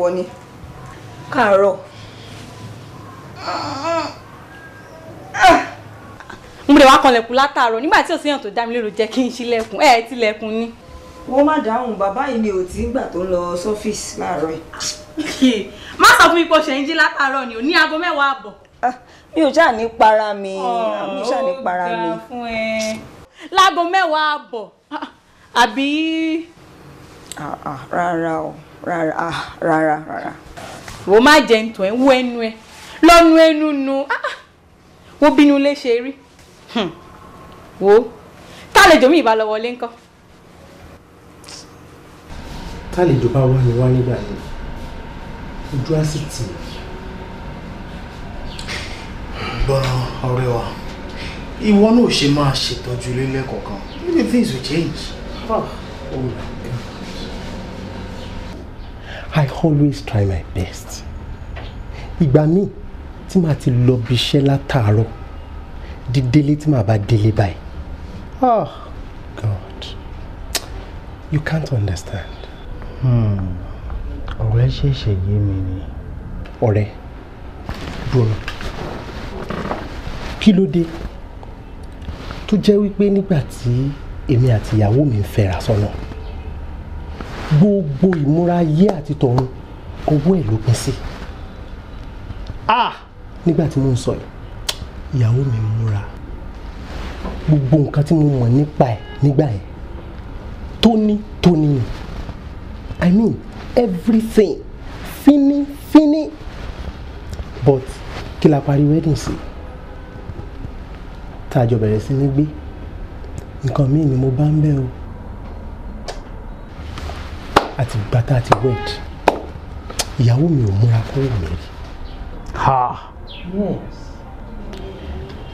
ìwọ ni káàárọ̀. mo lè wá kanlẹ̀kùn látàárọ̀ nígbà tí òsèèyàn tó dá mi lérò jẹ́ kí n ṣílẹ̀kùn ẹ̀ tilẹ̀kùn ni. wọ́n má dáhùn bàbá yìí ni ò tí ń gbà tó ń lọ sọ́fíìsì láàárọ̀ yìí. má sọ fún mi pé o ń jí látàárọ̀ ni ò ní aago mẹ́wàá àbọ̀. Ah, mi ò ṣáà ní para mi oh, ah, mi ṣáà ní para mi. láago mẹ́wàá àbọ̀ ah, àbí. rárá o. Rara rara rara. rárá. Ah, wò má jẹ ntọ́ ẹ̀ wọ ẹnu ẹ lọ́nu ẹnu nu ah, ah. wo bínú lè ṣe rí hmm. wo tálejò mi ìbá lọ wọlé ńkọ́. tálejò bá wà ní wá nígbà yẹn ojú á sì tì í. gbọ́nà ọ̀rẹ́ wa ìwọ náà ṣe máa ṣètọ́jú ilé lẹ́kọ̀ọ̀kan many things will change. Oh. Oh. I always try my best. Ìgbà míì tí màá ti lọ bí iṣẹ́ látàárọ̀ di délé tí màá bá délé báyìí. Oh God, you can't understand. Hmm. Ọ̀rẹ́ ṣẹ̀ṣẹ̀ yé mi ni. Ọ̀rẹ́ dùn. Kí ló dé? Tó jẹ́ wípé nígbà tí èmi àti ìyàwó mi ń fẹ́ra sọ́nà. So gbogbo ìmúra ayé àti tọ̀run ọwọ́ ẹ̀ ló pín sí ah nígbà tí mo ń sọ yìí ìyàwó mi múra gbogbo nǹkan tí mo mọ̀ nípa ẹ̀ nígbà yẹn tónítóní i mean everything fínífíní but kí la parí wedding sí tá a jọ bẹ̀rẹ̀ sí ní gbé nǹkan míì ni mo bá ń bẹ̀ o àti gbàtà àti wed ìyàwó mi ò múra kúrò mi rí.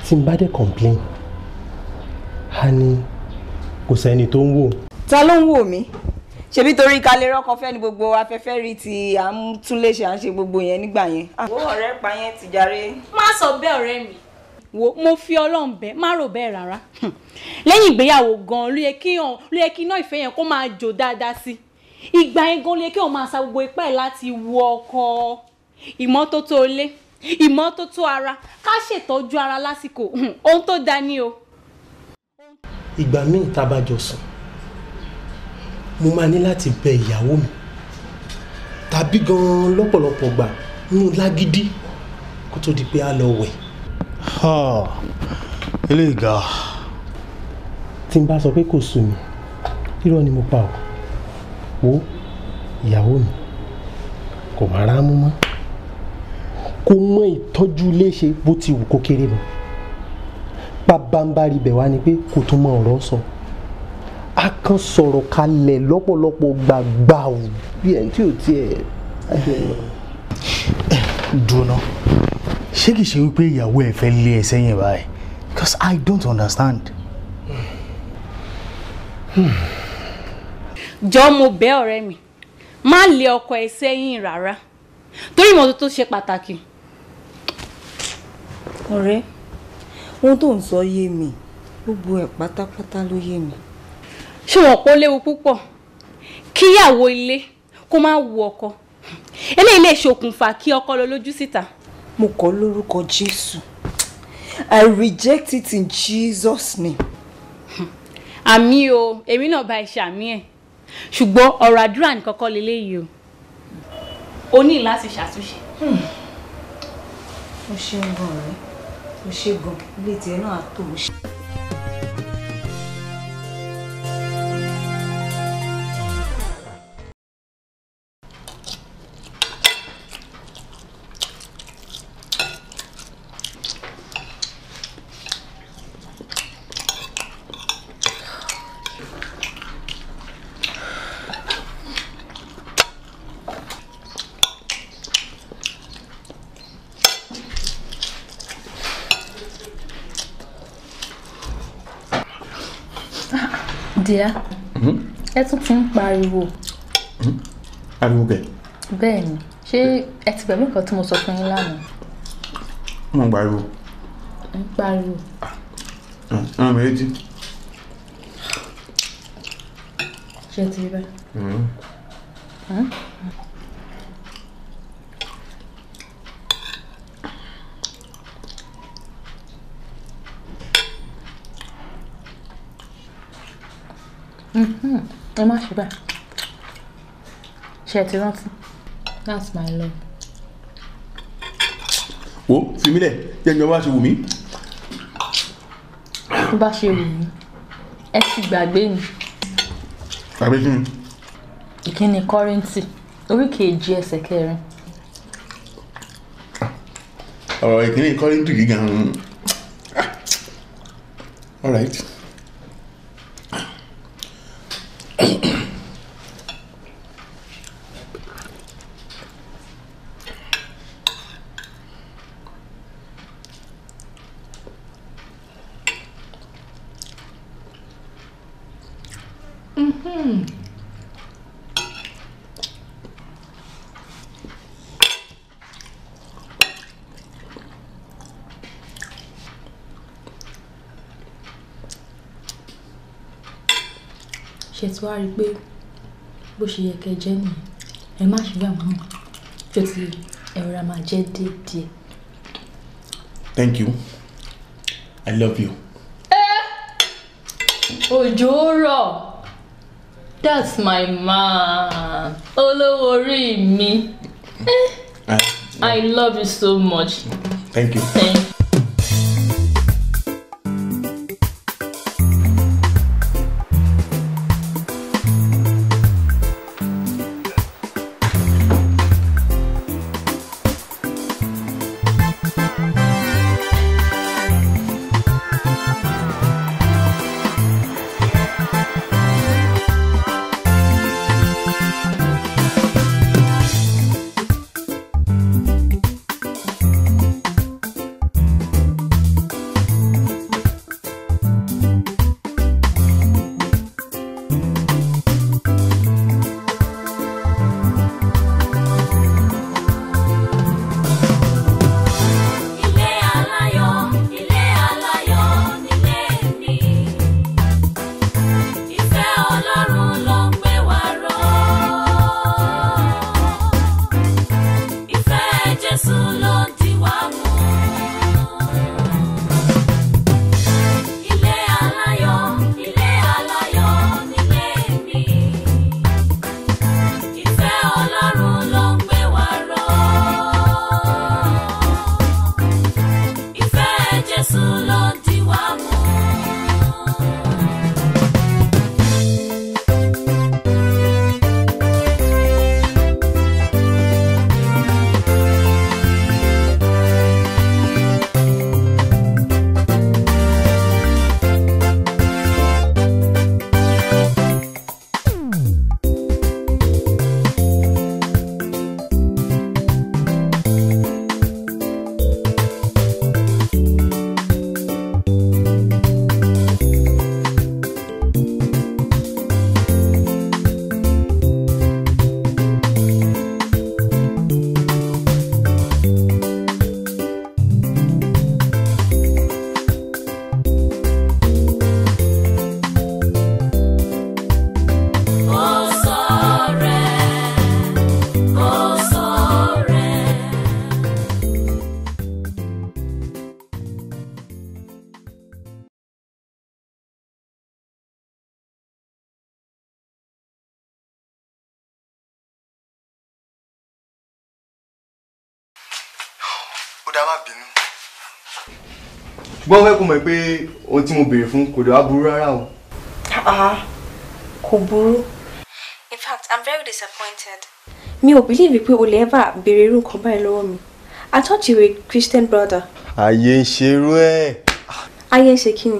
tí n bá dé complain a ní kò sẹ́ni tó ń wò. ta ló ń wò mí ṣebí torí ká lè rọ́kọ gbogbo afẹ́fẹ́ rí ti à ń túnlé ṣe à ń ṣe gbogbo yẹn nígbà yẹn. Ah. wo ọ̀rẹ́ pa yẹn ti jàre. má sọ bẹ́ẹ̀ ọ̀rẹ́ mi. wo mo fi ọlọ́run bẹ́ẹ̀ má rò bẹ́ẹ̀ rárá lẹ́yìn ìgbéyàwó gan-an ló yẹ kí náà ìfẹ́ yẹn kó máa jò dáadáa sí i ìgbà yẹn gan lè kí òun máa sa gbogbo ipá ẹ̀ láti wo ọkọ ìmọ́tótó ilé ìmọ́tótó ara ká ṣètọ́jú ara lásìkò ohun tó da ni o. ìgbà míì tá a bá jọ sùn mo máa ní láti bẹ ìyàwó mi tàbí gan-an lọ́pọ̀lọpọ̀ gbà ń lágídí kó tó di pé a lọ wẹ̀. ilé ìgà. tí n bá sọ pé kò sùn mí irọ́ ni mo pa o kó ìyàwó mi kò wá rámú mọ́ kò mọ ìtọ́jú ilé bó ti wù kó kéré mọ́ pabambaribẹ̀ wá ni pé kò tún mọ ọ̀rọ̀ sọ a kan sọ̀rọ̀ kalẹ̀ lọ́pọ̀lọpọ̀ gbàgbà bí ẹ̀ tí ò tiẹ̀ dùnà ṣé kìí ṣe wípé ìyàwó ẹ fẹ́ lé ẹ sẹ́yìn báyìí because I don't understand. Hmm. hmm jọ mo bẹ̀ ọ̀rẹ́ mi má lé ọkọ ẹ sẹ́yìn rárá torí ìmọ́tò tó ṣe pàtàkì. ọ̀rẹ́ ohun tó ń sọ yé mi gbogbo ẹ̀ pátápátá ló yé mi. ṣé wọn kò léwu púpọ̀ kíyàwó ilé kó má wu ọkọ eléyìí lè ṣokùnfà kí ọkọ lọ lójú síta. mo kọ lórúkọ Jésù I reject it in Jesus' name. àmì o èmi náà bá ẹ ṣàmì ẹ̀ ṣùgbọ́n ọ̀rọ̀ àdúrà nìkan kọ́ leléyìí o o ní láti ṣàtúnṣe. Hmm. o ṣeun gan ọ̀rẹ́ o ṣe gan ilé tiẹ̀ náà tó o ṣe. díá mhm. ẹ tún ti ń pariwo. Mhm. ariwo bẹ́ẹ̀. bẹ́ẹ̀ ni ṣé ẹ ti gbàgbé nǹkan tí mo sọ fún yín lánàá. mo ń pariwo. ń pariwo. ọ̀nà ah. ah, mi létí. ṣé ti rí báyìí. Mhm. Mm-hmm. ẹ má ṣe bẹ́ẹ̀ ṣe ti rántí that's my love. wo fìmílẹ̀ jẹ́njọ́ bá ṣe wù mí. bá ṣe wù mí ẹ ti gbàgbé ni. gbàgbé kí ni. ìkíni kọ́rẹ́ǹtì orí kejì ẹsẹ̀ kẹrin. Ah, ọ̀rọ̀ ìkíni kọ́rẹ́ǹtì gíga. Hmm. Ah, all right. ti wá rí pé bó ṣe yẹ kẹ́ jẹ́ nìyẹn ẹ má ṣe bẹ́ẹ̀ mọ́ tó ti ẹ̀rọ máa jẹ́ déédéé. thank you i love you. ẹ òjò rọ̀ that's my man olówó orí mi i love you so much. thank you. Thank you. gbọ́n fẹ́ kó mọ̀ pé ohun tí mo béèrè fún kò lè wá burú rárá o. Ah, kò burú. in fact i'm very disappointed. mi ò believe pé o lè ever béèrè irú nǹkan báyìí lọ́wọ́ mi i thought you were a christian brother. ayé ń ṣerú ẹ. ayé ń ṣe kí ni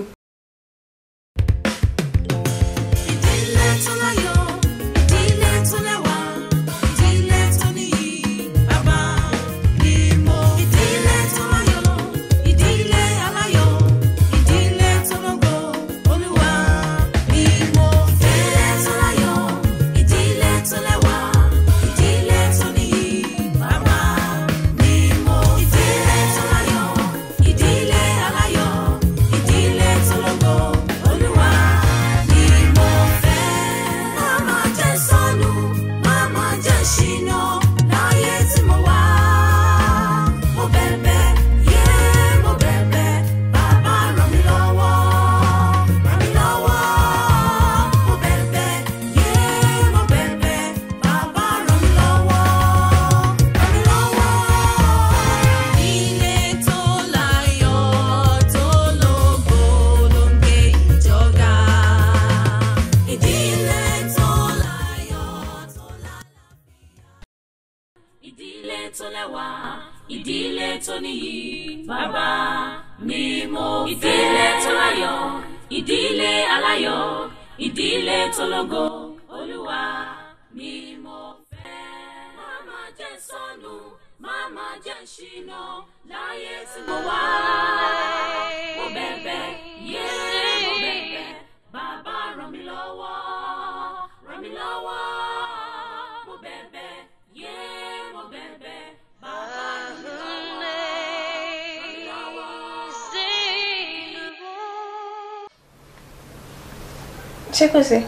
ṣé kò sí.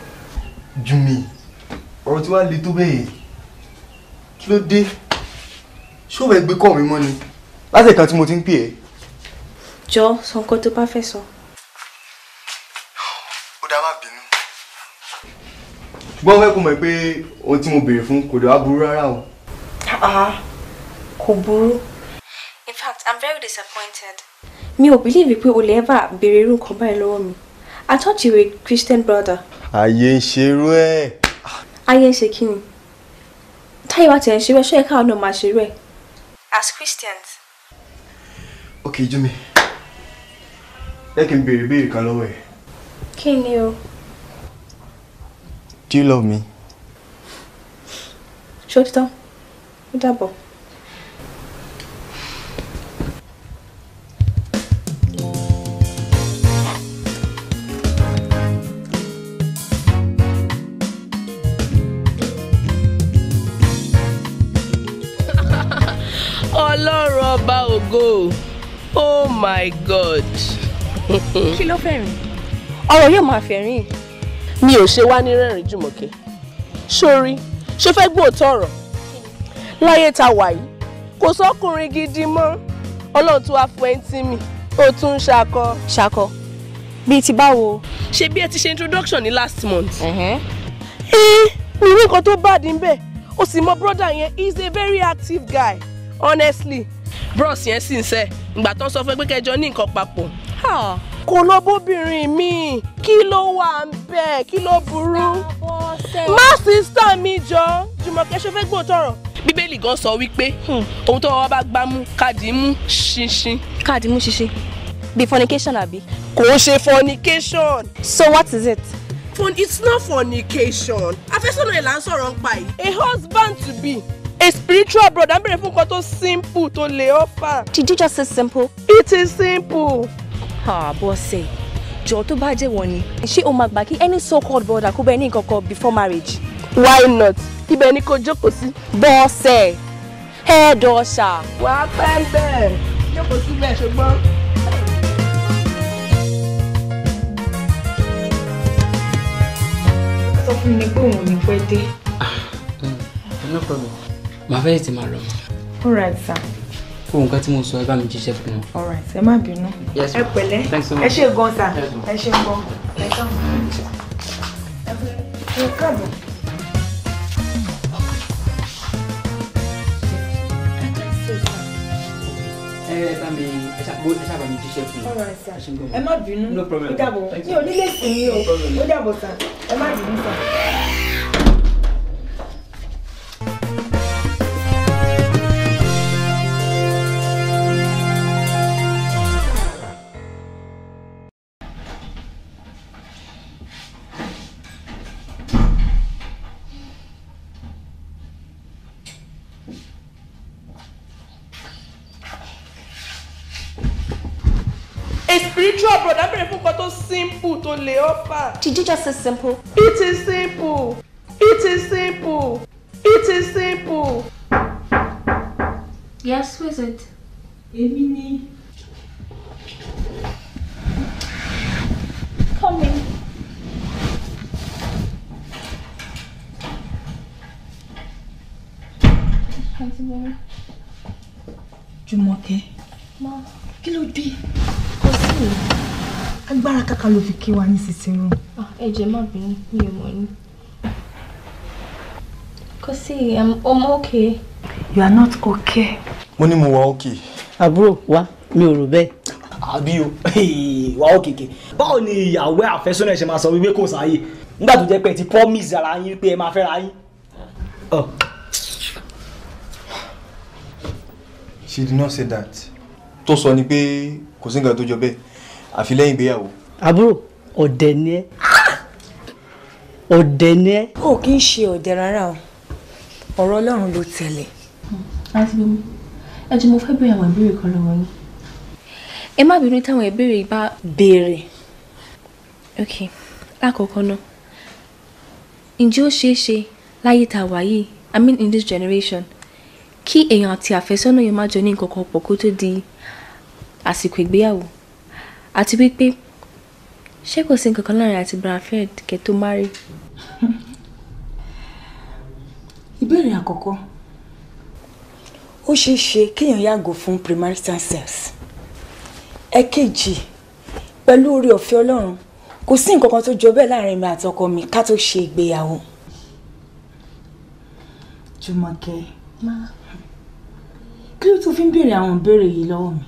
Jùmí ọ̀rọ̀ tí wàá le tó bẹ́ẹ̀ kí ló dé ṣé òun ẹgbẹ́ kọ́ mi mọ́ ni láti ẹ̀ka tí mo ti ń pè ẹ́. jọ sọ nǹkan tó bá fẹ́ sọ. ó dá má bínú. ṣùgbọ́n fẹ́ kó mọ̀ pé ohun tí mo béèrè fún kò lè burú rárá o. Ah, ah, kò burú. in fact i'm very disappointed. mi ò believe pé o lè ever béèrè irú nǹkan báyìí lọ́wọ́ mi. I thought you were a Christian brother. Ayé ń ṣerú ẹ̀. Ayé ń ṣe kí ni? Táyé wa tẹ̀ ń ṣerú ẹ̀ ṣé ẹ̀ka ọ̀nà máa ṣerú ẹ̀? As Christians. Ok, Jumi, ẹ kí n béèrè béèrè kan lọ́wọ́ ẹ̀. Kí ni o? Do you love me? Ṣé o ti tán? Ó dàbọ̀. ọba ògo oh my god. kí ló fẹ́ rìn ọ̀rọ̀ yóò máa fẹ́ rìn. mi ò ṣe wá ní rẹ́rìn jùmọ̀kẹ́ sórí ṣe fẹ́ gbóòótọ́ ọ̀rọ̀ láyé tá wà yìí kò sọ́kùnrin gidi mọ́ ọlọ́run tó wá fún ẹ ń tì mí ó tún ń ṣakọ. ṣakọ bíi ti báwo. ṣe bí ẹ ti ṣe introduction ní last month. ẹ ẹ mi rí nǹkan tó bá dín bẹ́ẹ̀ o sì mọ brother yẹn he is a very active guy honestly bros yẹn sì ń sẹ́ ìgbà tó ń sọ fún ẹ pé kẹjọ ní nǹkan papọ̀ kò lọ bóbìnrin mi kí ló wà ń bẹ kí ló burú má sísá mi jọ Jùmọ̀kẹ́ ṣe fẹ́ gbòòtọ̀rọ̀. bíbélì gan sọ wípé hmm, ohun tó wọ́n bá gbá mú káàdì mú ṣinṣin. káàdì mú ṣinṣin bí fornication àbí. kò ń ṣe fornication. so what is it. it's not fornication. afẹ́sọ̀nà ẹ̀ là ń sọ̀rọ̀ ń pa yìí. a husband to be A spiritual brother ń bèrè fún nǹkan tó simple tó lè offer. Did you just say simple? It is simple. Ah, bọ́sẹ̀, jọ tó bá jẹ́ wọ́n ni. Ṣé o máa gbà kí any so-called brother kó bẹ́ẹ̀ ní nǹkan before marriage? Why not? Ibẹ̀ ni kò jókòó sí. Bọ́sẹ̀, ẹ̀ẹ́dọ̀ṣà. Wàá pẹ́ bẹ́ẹ̀, jókòó síbẹ̀ ṣùgbọ́n. sọ fún mi pé òun ò ní pẹ́ dé. Ah, no problem màá fẹ́ tètè máa lọ mọ́. all right sir. fún nǹkan tí mo sọ ẹ bá mi jíṣẹ́ fún wọn. all right ẹ má bínú. ẹ pẹ̀lẹ́ ẹ ṣe gan sa ẹ ṣe gan ẹ kàn ẹ kàn bọ̀. ẹ má bínú ó dàbọ̀ ní onílé ìsinmi o ó dàbọ̀ sà ẹ má bínú sà. tó lè ọ́fà. Did you just say simple? It is simple. It is simple. It is simple. Yes, who is it? Emini, ni. Come in. Jùmọ̀kẹ́. Ma. Kí ló dé? Kò sí ìlú agbára kàkà ló fi kí wa ní sísẹ́rùn. Ah, ẹ jẹ́ má bínú mi ò mọ̀ ní. kò sí um, ọmọ òkè. you are not okay. mo ní mo wà òkè. àbúrò wa mi ò rò bẹ́ẹ̀. àbí o wà òkè kè báwo ni ìyàwó àfẹ́sọ́nà ẹ̀ ṣe máa sọ wípé kò sáàyè nígbà tó jẹ́ pé ẹ ti promise ara yín pé ẹ máa fẹ́ra yín. Oh. she did not say that. tó sọ ni pé kò sí nǹkan tó jọ bẹ́ẹ̀ àfi lẹ́yìn ìgbéyàwó. àbúrò ọ̀dẹ̀ ni ẹ́ ọ̀dẹ̀ ni ẹ́. o kì í ṣe ọ̀dẹ̀ rárá o ọ̀rọ̀ ọlọ́run ló tẹ̀lé. àti bímọ ẹ jẹ́ mo fẹ́ bẹ̀rẹ̀ àwọn ìbéèrè kan lọ́wọ́ yín. ẹ má bínú táwọn ìbéèrè bá béèrè. ok lákọ̀ọ́kọ́ náà ǹjẹ́ ó ṣeé ṣe láyé tá a wà yìí i mean in this generation kí èèyàn àti àfẹ́sọ́nà yẹn má jọ ní nǹkan kan pọ̀ kó tó di àsìkò ìgbéyàwó àti wípé ṣé kò sí nǹkan kan láàrin àti brafed kẹ tó márì. ìbéèrè àkọ́kọ́ ó ṣeé ṣe kéèyàn yàgò fún premarital sex ẹ̀kejì pẹ̀lú oore ọ̀fẹ́ ọlọ́run kò sí nǹkan kan tó jọ bẹ́ẹ̀ láàrin mi àti ọkọ mi ká tó ṣe ìgbéyàwó. jùmọ̀kẹ́ kí ló tó fi ń béèrè àwọn ìbéèrè yìí lọ́wọ́ mi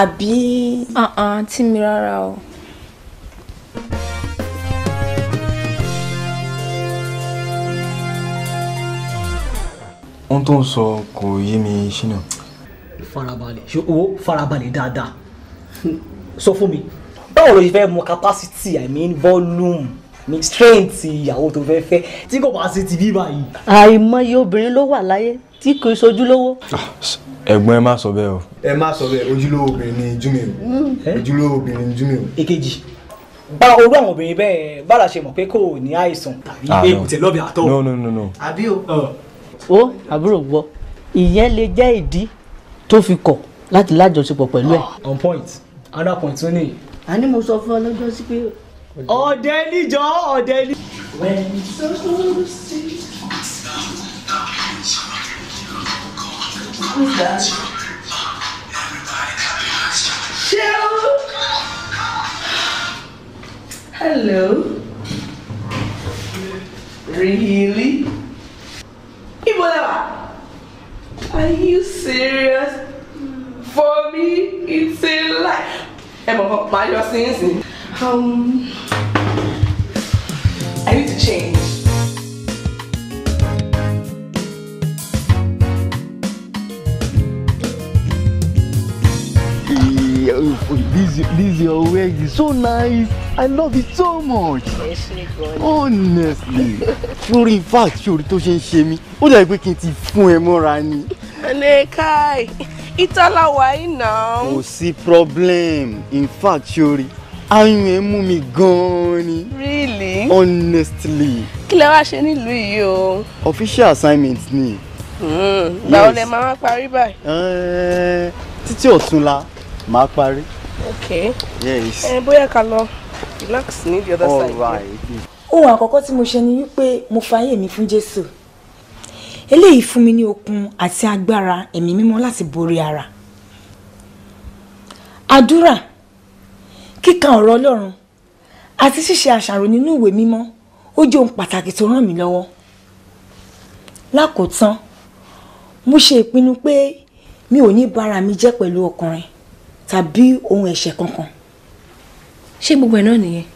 àbí. àǹtí uh-uh, tí mi rárá o. ohun tó ń sọ kò yé mi ṣínà. farabalẹ̀ ṣe owó farabalẹ̀ dáadáa sọ fún mi báwo ló ṣe fẹ́ mọ capacity i mean volume ní strength ìyàwó tó fẹ́ fẹ́ tí kò bá sí ti bí báyìí. àìmọye obìnrin ló wà láyé tí kò sojúlówó. Ah, ẹ̀gbọ́n ẹ má sọ bẹ́ẹ̀ o. ẹ má sọ bẹ́ẹ̀ ojúlówó obìnrin ni júmi o mm. eh? ojúlówó obìnrin ni júmi o. èkejì bá orú àwọn obìnrin bẹ́ẹ̀ bára ṣe mọ̀ pé kò ní àìsàn tàbí ah, pé kò lọ́bì àtọ̀. no no no no. àbí o. Oh. o àbúrò gbọ́ ìyẹn lè jẹ́ ìdí tó fi kọ̀ láti lájọṣepọ̀ pẹ̀lú ẹ̀. on point another point tún ni. a ní mo sọ fún ọ lọ́jọ́ sí pé. ọ̀dẹ̀ níjọ́ ọ̀dẹ̀ ní. Who's that? Cheryl! Hello. Really? Ibolaba, are you serious? For me, it's a life. Emma, my your sins. Um, I need to change. this this your wig is so nice i love it so much honestly lórí in fact ṣòrí tó ṣe ń ṣe mí ó dàbí pé kí n ti fún ẹ mọ́ra ni. ẹnì káì ìtàlá wà yìí náà. kò sí problem in fact ṣòrí ayún ẹ mú mi gan-an ni. really honestly. kí lẹ wá ṣe nílùú yìí o. official assignment ni. Hmm, báwo lẹ máa wá parí báyìí. Eh, títí ọ̀túnla máa parí. okay yes. ẹ eh, bóyá ká lọ relax ní the other side. ohun àkọ́kọ́ tí mo ṣe ni wípé mo fààyè mi fún Jésù eléyìí fún mi ní okun àti agbára ẹ̀mí mímọ́ láti borí ara àdúrà kíka ọ̀rọ̀ Ọlọ́run àti ṣíṣe àṣàrò nínú ìwé mímọ́ ó jẹ́ ohun pàtàkì tó ràn mí lọ́wọ́ lákòótán mo ṣe ìpinnu pé mi ò ní bára mi jẹ́ pẹ̀lú ọkùnrin tàbí ohun ẹ̀ṣẹ̀ kankan. ṣé gbogbo ẹ̀ náà nìyẹn.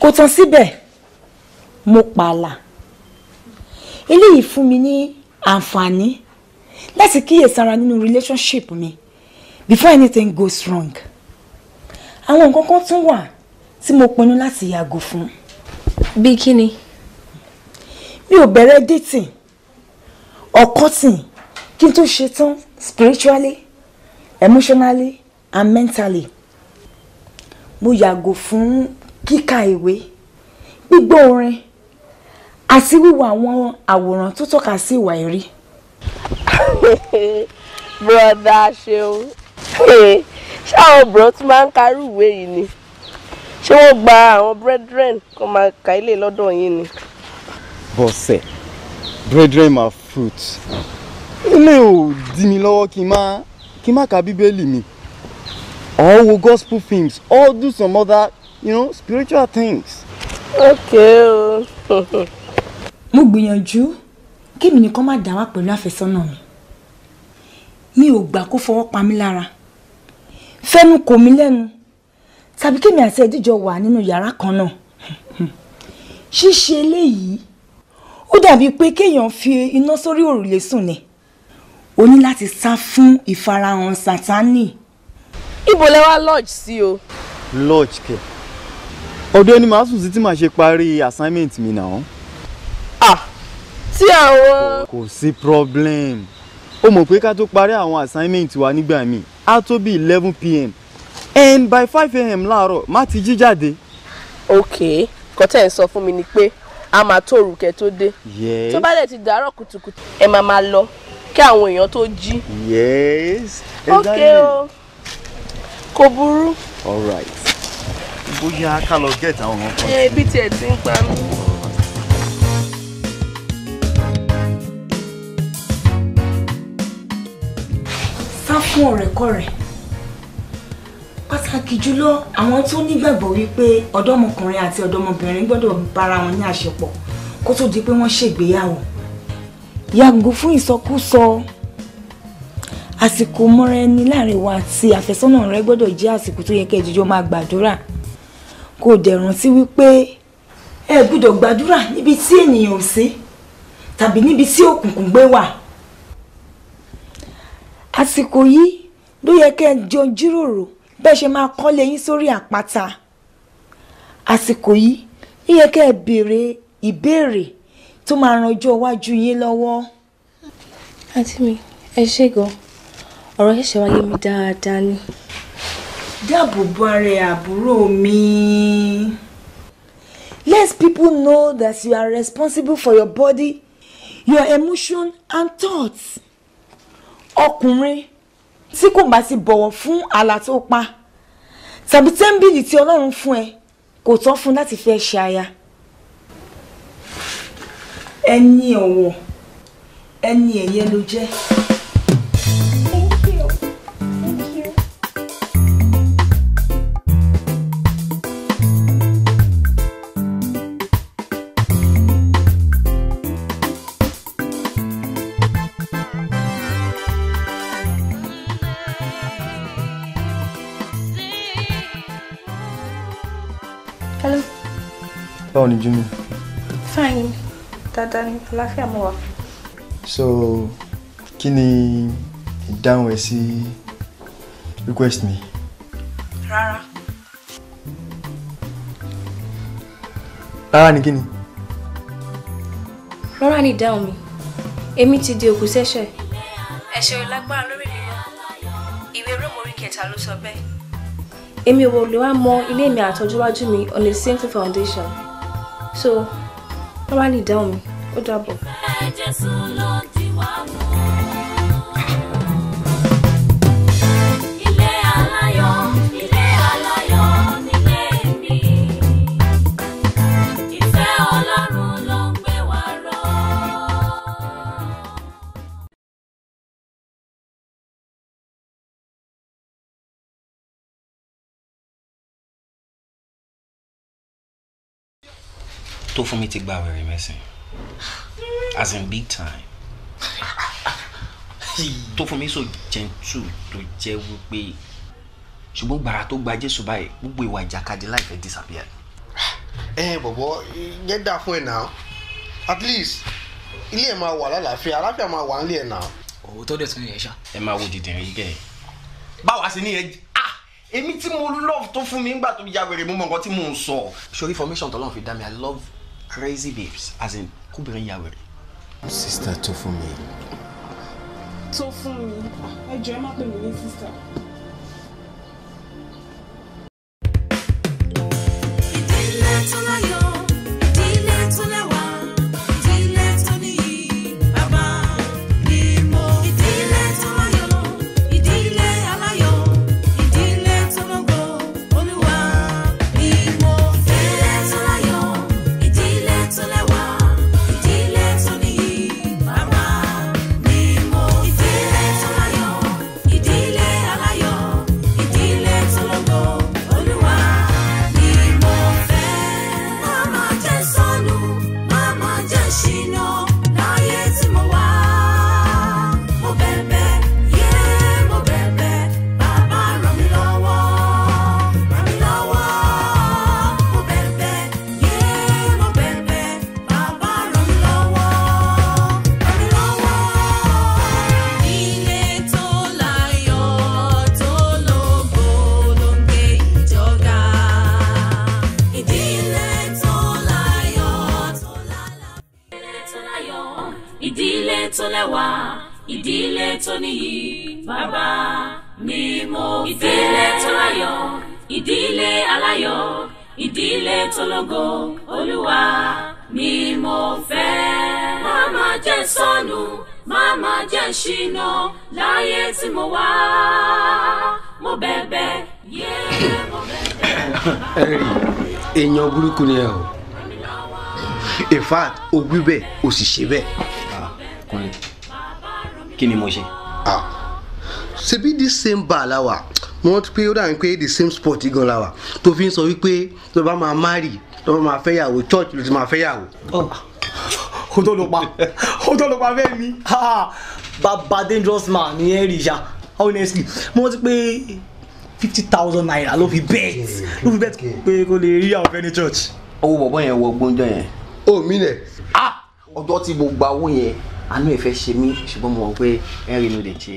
kò tán síbẹ̀ mo pààlà eléyìí fún mi ní àǹfààní láti kíyèsára nínú relationship mi before anything goes wrong àwọn nǹkan kan tún wà tí mo pinnu láti yàgò fún. bí kí ni. mi ò bẹ̀rẹ̀ dating or cutting kí n tó ṣe tán spiritually emotionally and mentally mo yàgò fún kíka ìwé gbígbọ́ orin àti wíwo àwọn àwòrán tó tọ́ka sí ìwà ẹ̀rí. broda ṣeun ṣé àwọn bro tún máa ń karú ìwé yìí ni ṣé wọ́n gba àwọn brethren kó máa kà ilé lọ́dọ̀ yín ni. bọ́sẹ̀ brethren are fruit ilé ò dí mi lọ́wọ́ kí n máa kí n má ka bíbélì mi or wo gospel films or do some other you know, spiritual things. okay o. mo gbìyànjú kémi nìkan má dá wà pẹ̀lú àfẹ́sọ́nà mi mi ò gbà kó fọwọ́ pa mí lára fẹ́nu kò mí lẹ́nu tàbí kémi àti ẹ̀díjọ wà nínú yàrá kan náà ṣíṣe eléyìí ó dàbí pé kéèyàn fi iná sórí òrùlé sùn ni o ní láti sá fún ìfarahàn sátánì. ibo lẹ wá lodge sí o. lodge kẹ ọ̀dọ̀ ẹni màá sùn sí tí màá ṣe parí assignment mi náà. ah tí àwọn. kò sí problem o mọ̀ pé ká tó parí àwọn assignment wa nígbà míì á tó bí eleven pm and by five am láàárọ̀ má ti jí jáde. ok kọ́tẹ́ ẹ̀ sọ fún mi ni pé a máa tó òrùkẹ́ tó dé tó bá dẹ̀ ti dàárọ̀ kùtùkùtù ẹ máa máa lọ kí àwọn èèyàn tó jí. yes exactly. ok o kò burú. all right bóyá ká lọ get àwọn ọmọ kan. ebi tiẹ̀ ti ń pa mí. sá fún ọ̀rẹ́kọ̀rẹ́ pàtàkì jùlọ àwọn tó nígbàgbọ́ wípé ọ̀dọ́mọkùnrin àti ọ̀dọ́mọbìnrin gbọ́dọ̀ bára wọn ní àṣepọ̀ kó tó di pé wọ́n ṣègbéyàwó yàgò fún ìsọkúsọ àsìkò mọ́ra ẹni láàrin wa àti àfẹ́sọ́nà rẹ gbọ́dọ̀ jẹ́ àsìkò tó yẹ kẹ́ jíjọ máa gbàdúrà kò dẹ̀ rántí wípé ẹ gbọ́dọ̀ gbàdúrà níbi tí ènìyàn ò sí tàbí níbi tí òkùnkùn gbé wà àsìkò yìí ló yẹ kẹ́ jọ jíròrò bẹ́ẹ̀ ṣe máa kọ́lé yín sórí àpáta àsìkò yìí ló yẹ kẹ́ béèrè ìbéèrè tó máa ran ọjọ́ iwájú yín lọ́wọ́. àǹtí mi ẹ ṣe gan ọ̀rọ̀ ṣẹ̀ṣẹ̀ wáyé mi dáadáa ni. dáàbò bo ara ẹ àbúrò mi. let people know that you are responsible for your body your emotion and thoughts. ọkùnrin tí kò bá ti bọ̀wọ̀ fún àlà tó pa tàbí tẹ́ḿbìlì tí ọlọ́run fún ẹ kò tán fún láti fẹ́ ṣe aya ẹni ọ̀wọ̀ ẹni ẹ̀yẹ ló jẹ́. Báwo ni Jimmy? Fine dáadáa ní àlàáfíà mo wà. so kí ni ìdáhùn ẹ sí request mi. rárá. rárá ni kí ni. rárá ni ìdáhùn mi èmi ti di òkú ṣẹ̀ṣẹ̀ ẹ̀ṣẹ̀ ìlágbára lórí mi náà ìwé rómòrí kẹta ló sọ bẹ́ẹ̀. èmi ò wò lè wá mọ ilé mi àtọjúwájú mi on a simple foundation so wọ́n bá ní ìdáhùn mi ó dàbọ̀. tó fún mi ti gba wẹ̀rẹ̀ mẹ́sìn as in big time tó fún mi so gentle tó jẹ́ wípé ṣùgbọ́n gbàrà tó gba Jésù báyìí gbogbo ìwà ìjàkadì láìpẹ́ disappear. ẹ bọ̀bọ̀ yẹn dáa fún ẹ náà at least ilé ẹ máa wà lálàáfíà aláfíà máa wà nílé ẹ náà. òwò tó dẹ̀ tún yẹn ṣá. ẹ máa wo dìdìrín yìí kẹ́ ẹ. báwa ah! sì ni ẹ èmi tí mo love tó fún mi ńgbà tó ya wèrè mú mọ nǹkan tí mò ń sọ. sori formation tọ́lọ́run fi dá mi i love crazy babes as in kóbìnrin ya wèrè. sista Tófúnmi. Tófúnmi ẹ jọ̀ọ́ ẹ má pè mí ní sista. tó níyì bàbá ni mo fẹ́. ìdílé tó láyọ̀ ìdílé aláyọ̀ ìdílé tó lógo olúwa ni mo fẹ́. màmá jẹ́ sọnù màmá jẹ́ ṣìnà láyé tí mo wá mo bẹ̀bẹ̀ yé mo bẹ̀bẹ̀. èèyàn burúkú ni ẹ o in fact o wí bẹ́ẹ̀ o sì ṣe bẹ́ẹ̀. Ah, kí ni mo ṣe. Ah, ṣebí the same bar la wà wọ́n pé ó dàbí pé the same spot gan la wà tó fi ń sọ wípé tó bá máa marry tó bá máa fẹ́yàwó church ló ti máa fẹ́yàwó. Ah, ó tó ló pa ó tó ló pa fẹ́ mi bàbá dangerous man ni ẹ rí ṣá honestly mo ti pé fifty thousand naira ló fi bet ló fi bet pé kò lè rí àwọn fẹ́ni church. owó bọ̀bọ̀ yẹn wọ gbóúnjọ yẹn. o oh, mi nẹ. Ah, ọjọ́ tí mo gba owó yẹn àánú ìfẹ́ ṣe mí ṣùgbọ́n mo mọ̀ pé henry ló lè ṣe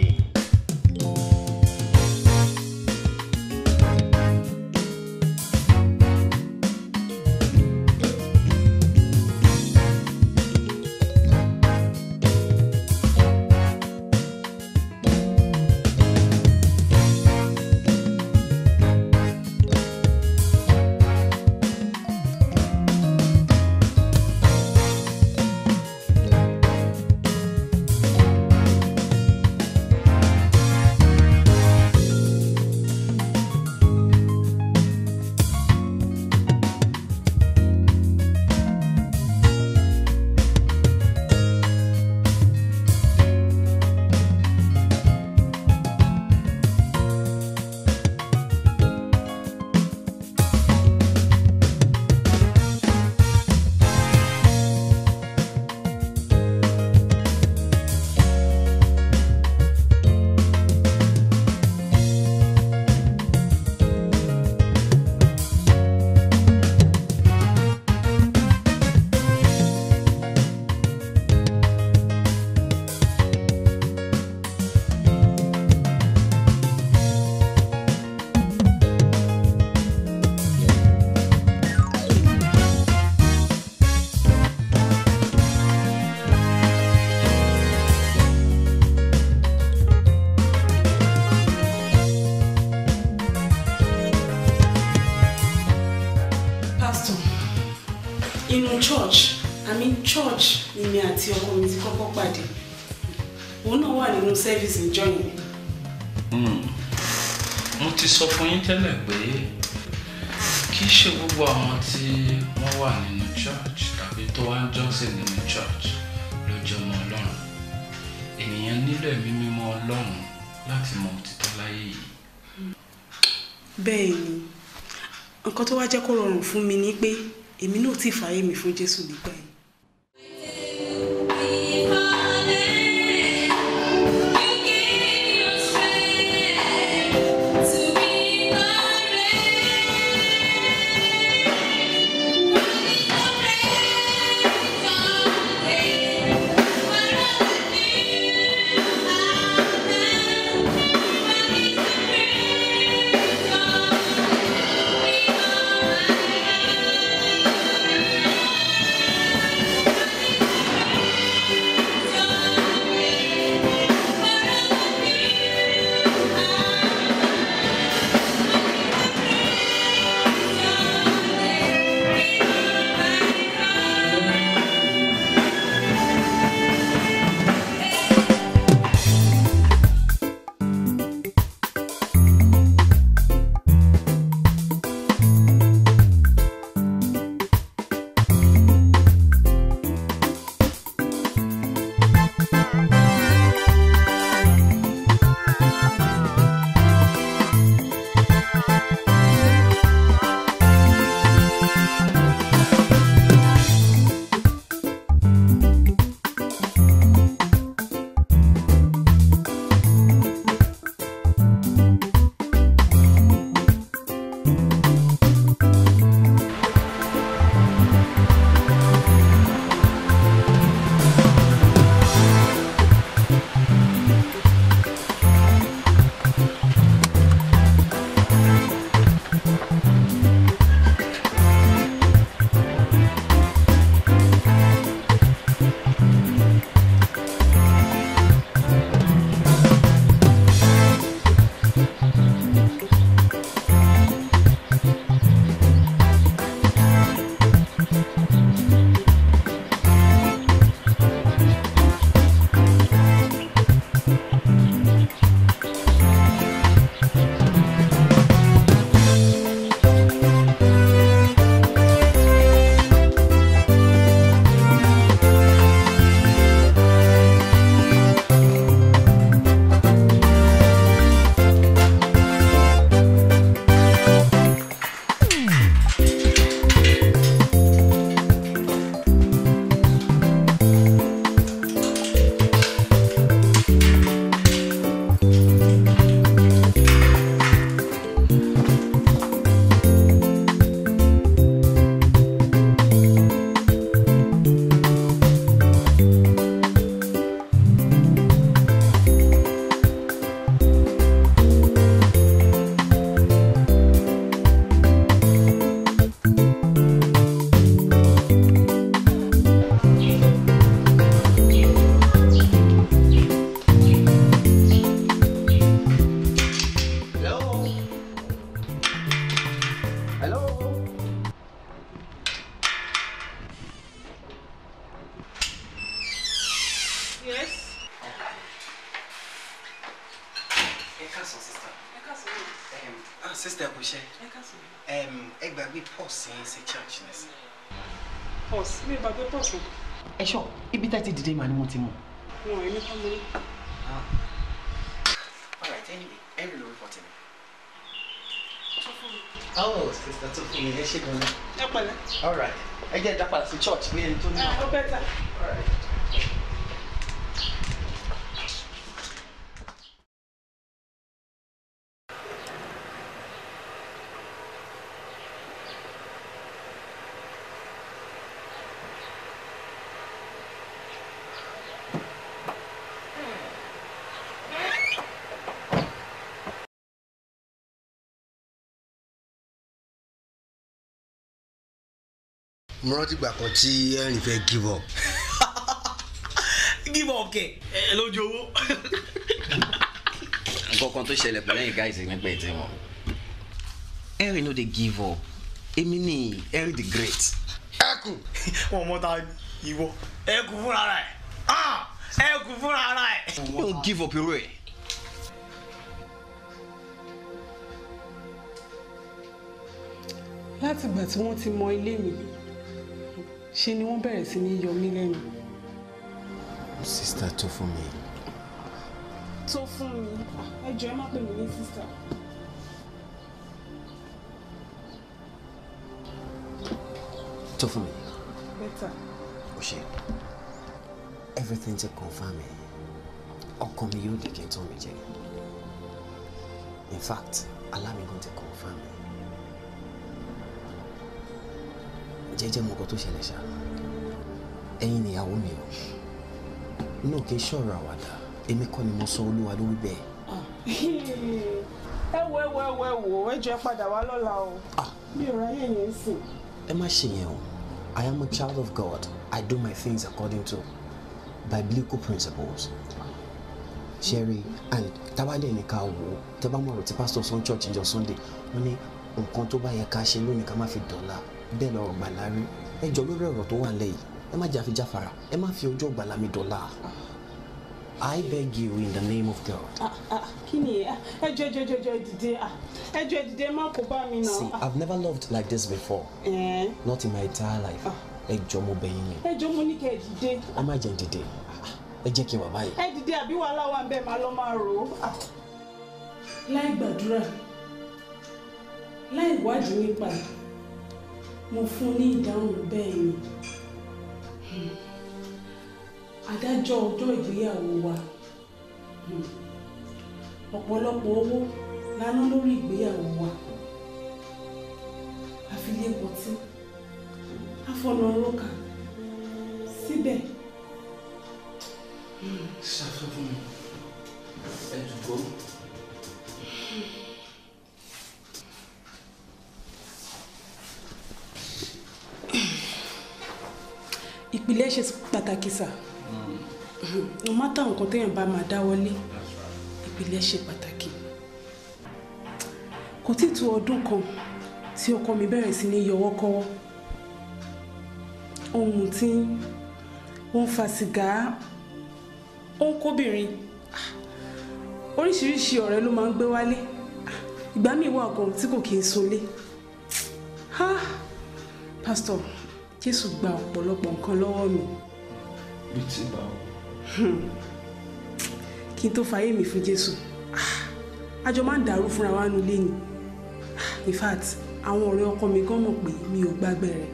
church i mean church ni mi àti ọkọ mi ti kọ́kọ́ pàdé òun náà wà nínú service ìjọ yẹn. Hmm. mo ti sọ fún yín tẹ́lẹ̀ pé kì í ṣe gbogbo àwọn tí wọ́n wà nínú church tàbí tó wá ń jọ́sìn nínú church ló jẹ́ ọmọ ọlọ́run ènìyàn nílò ẹ̀mí mímọ́ ọlọ́run láti mọ òtítọ́ láyé yìí. bẹ́ẹ̀ ni nǹkan tó wá jẹ́ kó rọrùn fún mi ni pé èmi náà ti fààyè mi fún Jésù nígbà ẹ ṣe gan-an ẹ pẹ̀lẹ́. all right ẹ jẹ́ ìdápadà sí church bí ẹni tó ní. Ah, mo rántí ìgbà kan tí ẹ̀rìn fẹ́ give up. give up kẹ ẹ lójú owó. nǹkan kan tó ṣẹlẹ̀ pẹ̀lú ẹ̀yìn guys ní pẹ̀ tí wọn. ẹ̀rìn no dey give up èmi ni ẹ̀rìn the great. ẹkùn wọn mọ ta ìwọ ẹkùn fúnra rẹ ah! ẹkùn fúnra rẹ. yóò give up irú ẹ. látìgbà tí wọ́n ti mọ ilé mi ṣe ni wọ́n bẹ̀rẹ̀ sí ní yọ mí lẹ́nu. sista tó fún mi. tó fún mi ẹ jọ̀ọ́ ẹ má pè mí ní sista. tó fún mi. bẹ́tà. o ṣe everything ti confirm ẹ ọkàn mi yóò di kí n tó mi jẹ in fact alámìgún ti confirm ẹ. jẹ́jẹ́ mọ̀kọ́ tó ṣẹlẹ̀ ṣá ẹ̀yin nìyàwó mi o náà kì í ṣọ̀rọ̀ àwàdà èmi kọ́ ni mo sọ olúwa lórí bẹ́ẹ̀. ẹ wo ẹ wo ẹ wo ẹ wo ẹ jọ̀ọ́ ẹ padà wá lọ́la o ah. mi ò ráyè yẹn sìn. ẹ má ṣe yẹn o I am a child of God I do my things according to biblical principles sherry and tábàdé ní ká wò ó tẹ bá mọ̀ ọ̀rọ̀ tí pásítọ̀ sọ ní church ìjọ Sunday wọ́n ní nǹkan tó bá yẹ ká ṣe lónìí ká má fi dọ̀la bẹ́ẹ̀ lọ́rọ̀ gbàlà rí ẹ jọ lórí ọ̀rọ̀ tó wà lẹ́yìn ẹ má jà fi jáfara ẹ má fi ọjọ́ gbàlà mi dọ̀la. I beg you in the name of God. Ah, ah, kí ni ah, ẹ ẹjọ́ ẹjọ́ ẹjọ́ dìde ẹjọ́ dìde má kó bá mi náà. See, I've never loved like this before. Eh? Not in my entire life. Ẹ jọ mo bẹ̀ yín Ẹ jọ mo ní kẹ́ ẹ dìde. Ẹ má jẹ́ dìde. Ẹ jẹ́ kí n wà báyìí. Ẹ dìde àbí wàhálà wà bẹ́ẹ̀ máa lọ máa rò ó. Láì gbàdúrà, láì wádìí nípa ẹ̀. mo fún ní ìdáhùn bẹ́ẹ̀ ni adájọ́ ọjọ́ ìgbéyàwó wa ọ̀pọ̀lọpọ̀ owó láná lórí ìgbéyàwó wa àfilékọtí àfọ̀nà ọlọ́kà síbẹ̀. ṣàfihàn ìpìlẹ̀ ṣe pàtàkì sà no matter nǹkan téèyàn bá máa dáwọ́lé ìpìlẹ̀ ṣe pàtàkì kò tí tó ọdún kan tí ọkọ mi bẹ̀rẹ̀ sí ní yọwọ́ kọ́wọ́ ohun tí ó ń fa sìgá ó ń kóbìnrin oríṣiríṣi ọ̀rẹ́ ló máa ń gbé wálé ìgbà míì wà gan tí kò kí n solé ha pásítọ̀ jésù gba ọ̀pọ̀lọpọ̀ nǹkan lọ́wọ́ mi. bí ti bá wọ. kí n tó fayé mi fún jésù àjọ máa ń dàrú fúnra wa nulẹ̀ ni in fact àwọn ọ̀rẹ́ ọkọ mi gan mọ̀ pé mi ò gbàgbé rẹ̀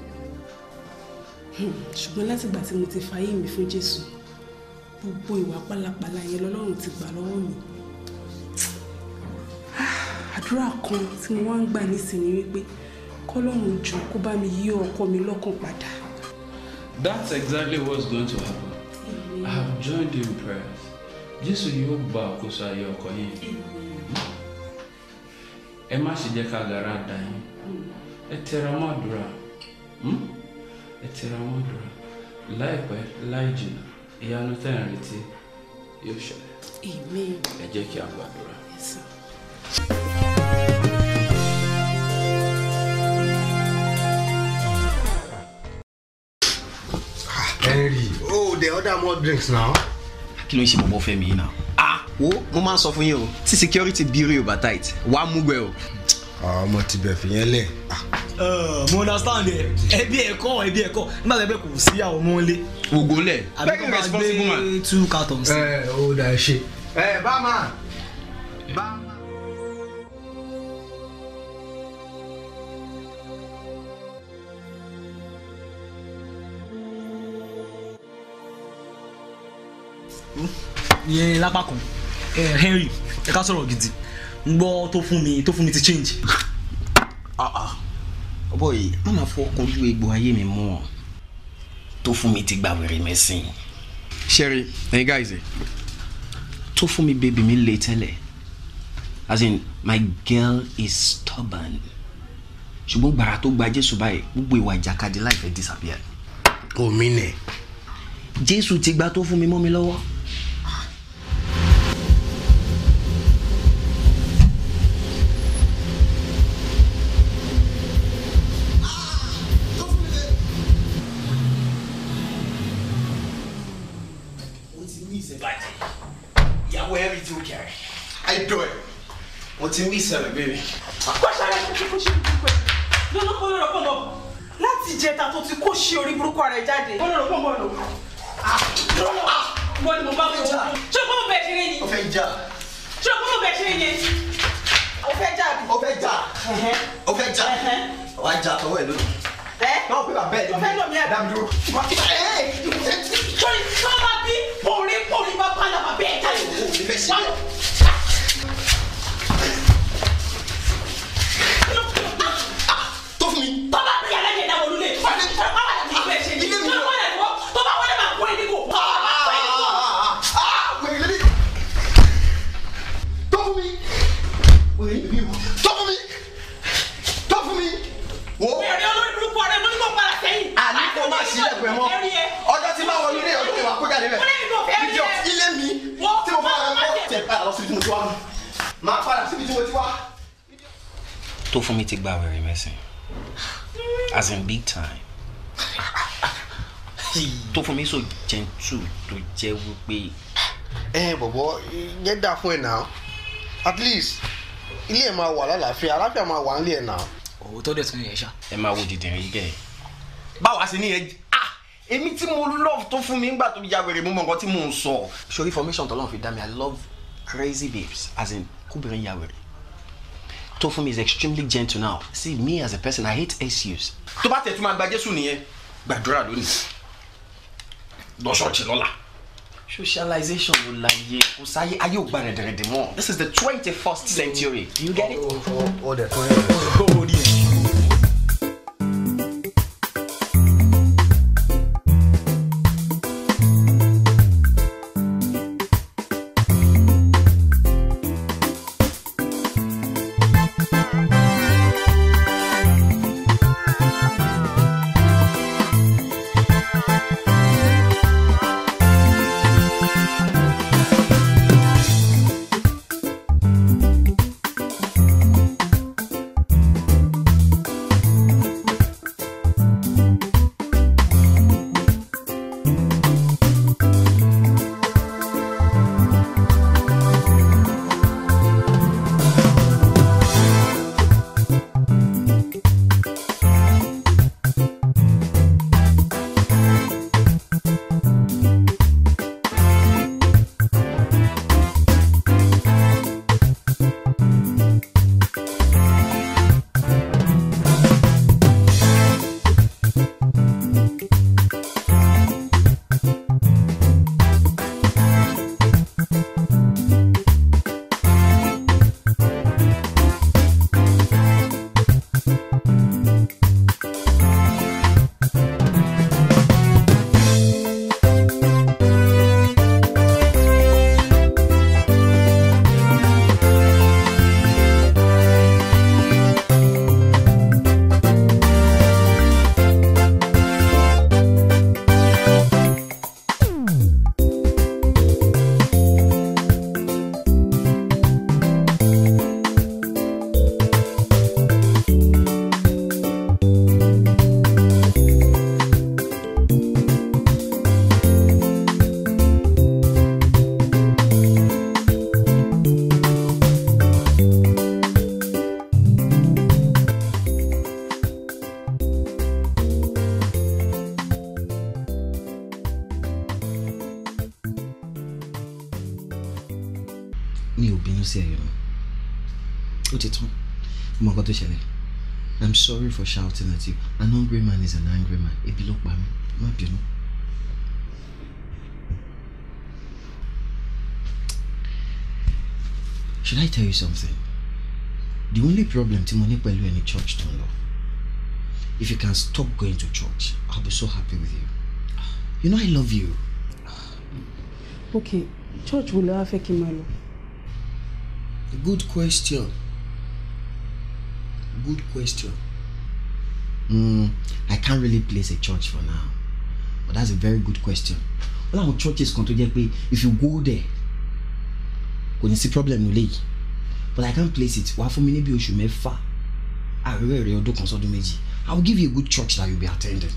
ṣùgbọ́n látìgbà tí mo ti fayé mi fún jésù gbogbo ìwà pálapàla yẹn lọ́lọ́run ti gbà lọ́wọ́ mi àdúrà kan tí mo wá ń gbà nísìnyí wípé kọ́lọ́run jọ kó bá mi yí ọkọ mi lọ́kàn padà. that's exactly what's going to happen. Amen. i have joined you in prayer. jésù yóò gba àkóso ayé ọkọ yìí. ẹ má ṣe jẹ́ ká gara dà yín. ẹ tẹra mọ́ àdúrà. Hmm? ẹ tẹra mọ́ àdúrà. láìpẹ́ láì jìnnà ìyanu tẹ̀ retí yóò ṣẹlẹ̀. ẹ jẹ́ kí a gbàdúrà. Yes, dẹ̀ order more drinks now. kí ló ń ṣe bọ̀bọ̀ fẹ́mi yìí náà. ah wo mo máa ń sọ fún yín o tí security bureau bá tight wà á múgbẹ o. ọmọ ah, tibẹ̀ fìyẹn lẹ̀. Ah. mo understand ẹ ẹbí ẹ̀kọ́ ẹbí ẹ̀kọ́ nígbà tẹ́lẹ̀ kò sí àwọn ọmọ ilé. ògo lẹ bẹ́ẹ̀ni responsible man. àbíkọ́ máa gbé two cartons. ẹ ò dà ẹ ṣe. ẹ eh, bá máa bá máa. ìyẹn lápá kan Henry ẹ ká sọ̀rọ̀ gidi ń gbọ́ tó fún mi tó fún mi ti change. ọbọ ah, ah. yìí má máa fọ ọkàn ojú egbò ayé mi mú ọ tó fún mi ti gba wèrè mẹ́sìn. sherry ẹyin guys ẹ. tó fún mi bèbí mi lè tẹ́lẹ̀ as in my girl is stubborn ṣùgbọ́n gbàrà tó gba jésù báyìí gbogbo ìwà ìjàkadì láìpẹ́ disappear. omi nẹ. jésù ti gba tó fún mi mọ́ mi lọ́wọ́. you doing? What's in me, Sarah, baby? Question, question, question, question. No, no, no, no, no. Láti ìjẹta tó ti kó ṣe orí burúkú ara ẹ̀ jáde. Bọ́lá ló bọ́ọ̀lù. Lọ́lọ́ wọ́n ni mo bá wọ́n. Ṣé o kọ́ mo bẹ̀ ṣe yẹn? O fẹ́ jà. Ṣé o kọ́ mo bẹ̀ ṣe yẹn? O fẹ́ jà bí. O fẹ́ jà. O fẹ́ jà. Wà á jà tọwọ́ ẹ̀ lónìí. Ẹ́ náà pé bàbá ẹ̀ lónìí. O fẹ́ lọ mi ẹ̀. Dàbí dúró. Sori sọ́ọ́ bá bí òrí òrí bá pàdà bàbá ẹ̀ jáde. O ò ní fẹ́ ṣe. mọ́ ọjọ́ tí máa wọlé ilé ọjọ́ ìwà kó jáde rẹ̀ ìjọ ilé mi tí mo fọwọ́ rẹ̀ kọ́ tẹ̀ padà lọ síbi tí mo ti wá máa padà síbi tí mo ti wá. tó fún mi ti gba wẹ̀rẹ̀ mẹ́sìn as in big time tó fún mi sọ gentle tó jẹ́ wípé. ẹ bọ̀bọ̀ yẹn dà fún ẹ̀ náà at least ilé ẹ̀ máa wà lálàáfíà aláfíà máa wà nílé ẹ̀ náà. òótọ́ dẹ̀ tún yẹn ṣá. ẹ máa wo dìdìrín yìí kẹ́ ẹ báwa sì ní ẹ ah! èmi tí mo love tó fún mi ńgbà tó ya wèrè mo mọ nǹkan tí mò ń sọ. sori formation tọ́lọ́run fi dá mi i love crazy babes as in kúbìrín ya wèrè. Tofumi is extremely gentle now. See, me as a person, I hate excuse. Tó bá tẹ̀tú máa gba Jésù nìyẹn, gbàdúrà lónìí. Lọ ṣọ́ọ̀ṣì lọ́la. Socialization ló láyé kò sáyé ayé ò gba rẹ̀dẹ̀rẹ̀dẹ̀ mọ́. This is the twenty-first century. Do you get it? Ó dẹ̀ tó yẹ. sí ẹ̀yọ́ mi ó ṣẹlẹ̀ i'm sorry for shouting at you an angry man is an angry man ebi by me. mí you know? should i tell you something the only problem to mo ní pẹ̀lú church don't love. if you can stop going to church i'll be so happy with you you know i love you. okay church will have a fẹ́ kí Good question. Good question. Mm, I can't really place a church for now. But that's a very good question. All our churches kan tó jẹ́ if you go there kò ní sí problem nílé yìí but I can't place it wàá fún mi níbi oṣù mẹ́fà àárẹ̀ rẹ̀ ọdún kan sọ́dún méjì I will give you a good church that you be attending.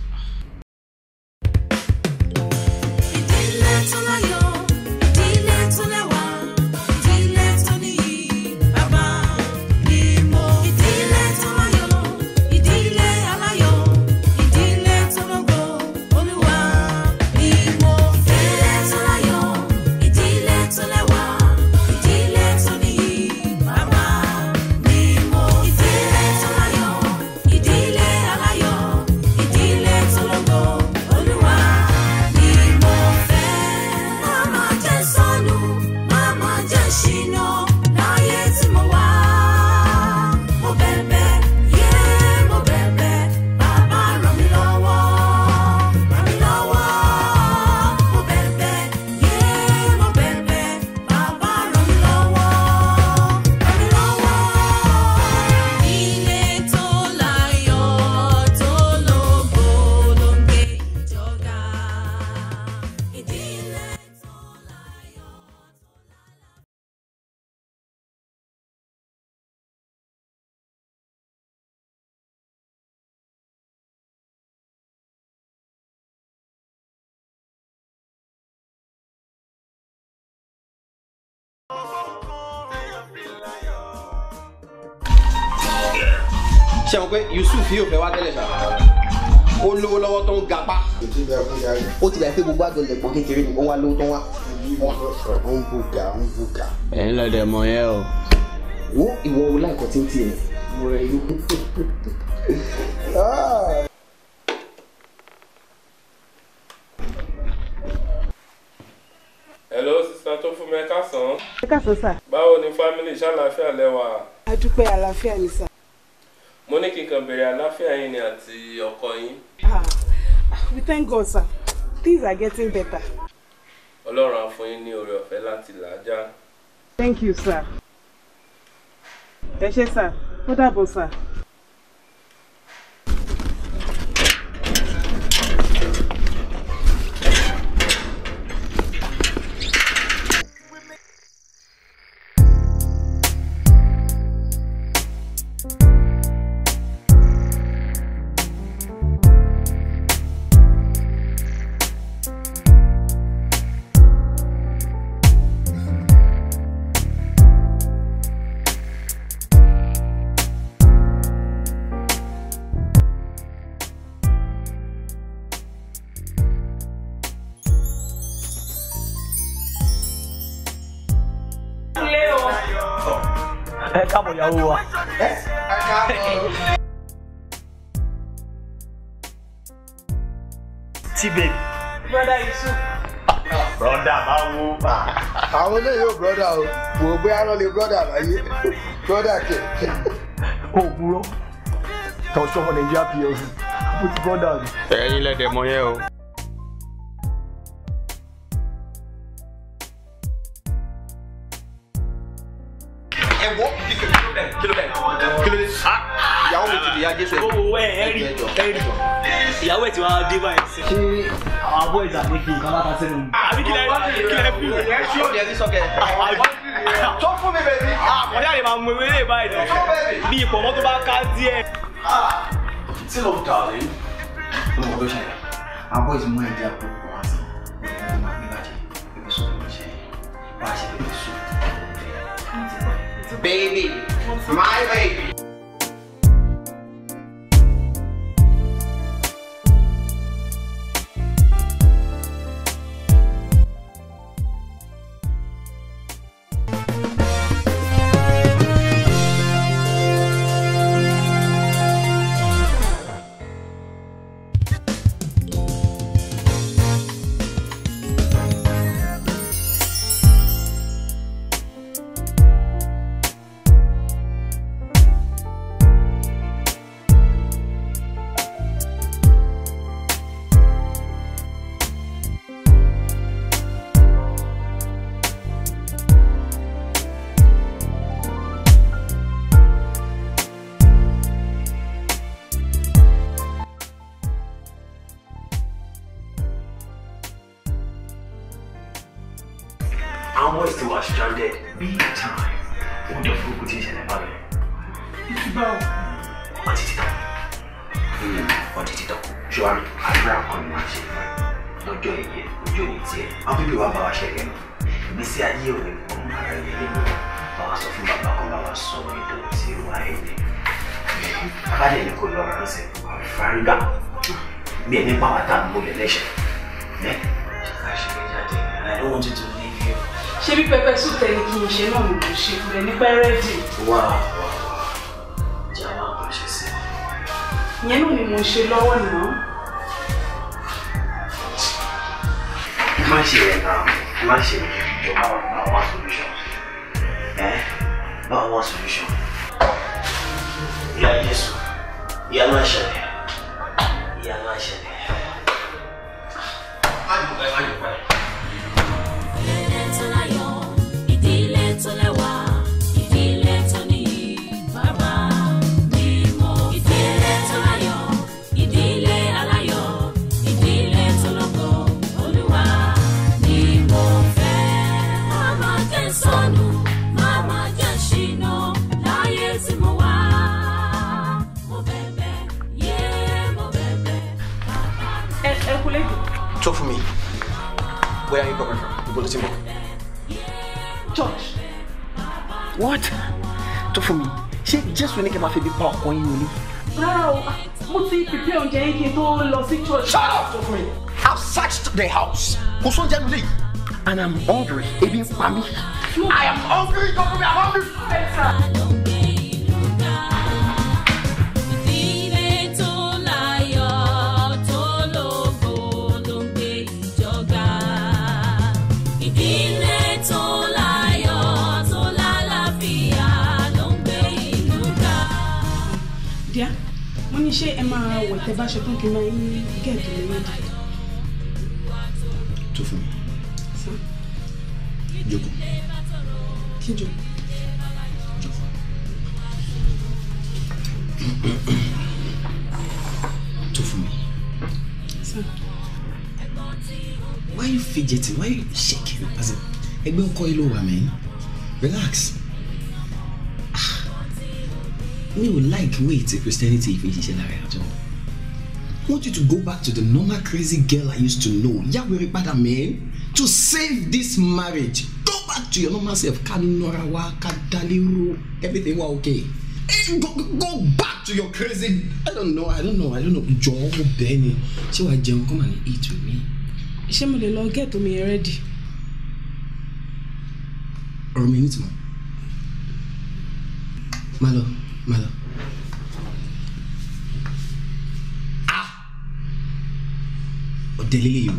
pé Yusuf yóò fẹ́ wá tẹ́lẹ̀ ṣá ó lówó lọ́wọ́ tó ń gapá. ó ti bẹ̀rẹ̀ pé gbogbo àjọlẹ̀ pọ̀ kékeré ni wọ́n wá lówó tó ń wá. ó ń bùkà ó ń bùkà. ẹ̀ ń lọ́dẹ̀ mọ yẹn o. wo ìwọ wo láìkọ́ tí ń tiẹ̀ mo rẹ̀ yókù. hello sista tó fún mi ẹ ká sàn. ẹ ká sàn sà. báwo ni family ṣàlàáfíà lẹ a dúpẹ́ àlàáfíà ni sà mo ní kí n kàn bèrè àlàáfíà yín ni àti ọkọ yín. Ah, we thank God sir things are getting better. ọlọ́run á fún yín ní oore ọ̀fẹ́ láti là thank you sir. ẹ ṣé sir ó dàbọ̀ sir. ẹ káàbọ̀ ìyàwó wa. ẹ káàbọ̀. tí bẹ́ẹ̀. broda yusuf. broda máa wo. àwọn eléyìí ò broda o wò ó bóyá lọ́ọ́ lè broda láyé broda ke? o kúrò tọ̀sán ọmọ nàìjíríà plc bó ti broda ni. le demo mọ o. ti wá dé báyìí sí. ṣé àwọn abọ́ ìjà ní kí nǹkan láta sẹ́nu. àbí kílẹ̀ kílẹ̀ fi wò. ìyẹn ṣó ìyẹn ti sọkẹ. tó fún mi bẹ̀bí. àkọ́dá lè máa mú ewé báyìí lọ. bí ipò mọ́tò bá ká díẹ̀. Ah. tí ló ń ta ọ̀lẹ́ mo mọ̀ tó ṣẹlẹ̀ abọ́ ìsìnkú ẹ̀ díẹ̀ pọ̀ pọ̀ baby my baby. ọkọ yín wọlé. rárá o ah, mo ti pèpè oúnjẹ yín kí n tó lọ sí church. shut up for i have searched the house kò sóúnjẹ nílé yìí and i'm hungry ebi ń pa mí. i am hungry don't worry i'm hungry. ní ṣé ẹ máa wẹ̀ tẹ́ bá ṣe fún kí n máa ń gẹ̀ẹ́dì lórí ìdí. tó fún mi. jókòó. kí jókòó. tó fún mi. why you fidgeting why you shaking ẹgbẹ́ ọkọ ilé wa mẹ́rin relax. We ò like way tí christianity fi ṣiṣẹ́ lára àjọ. I want you to go back to the normal crazy girl I used to know. Yeah, Yàwèrè padà man to save this marriage. Go back to your normal self. Ká nọra wa, ká dálérò, everything wa okay. Hey, go, go back to your crazy. I don't know, I don't know, I don't know. Jọ̀ọ́ mo bẹ́ẹ̀ ni. Ṣé Come and eat with me. Ṣé mo lè get to me already. A minute, nítumọ̀. Má lọ. ماذا؟ آه والدليل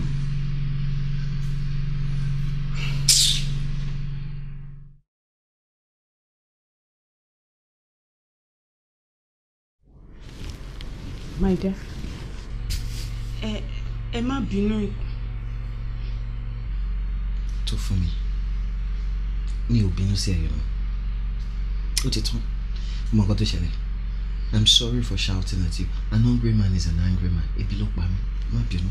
My dear. Ẹ ẹ má bínú ikú. Tó fún mi, mi ò bínú sí ẹ̀yọ́ mi, ó ti tán. ṣẹlẹ̀. I'm sorry for shouting at you. An angry man is an angry man. Ebi ló me. mí. you know.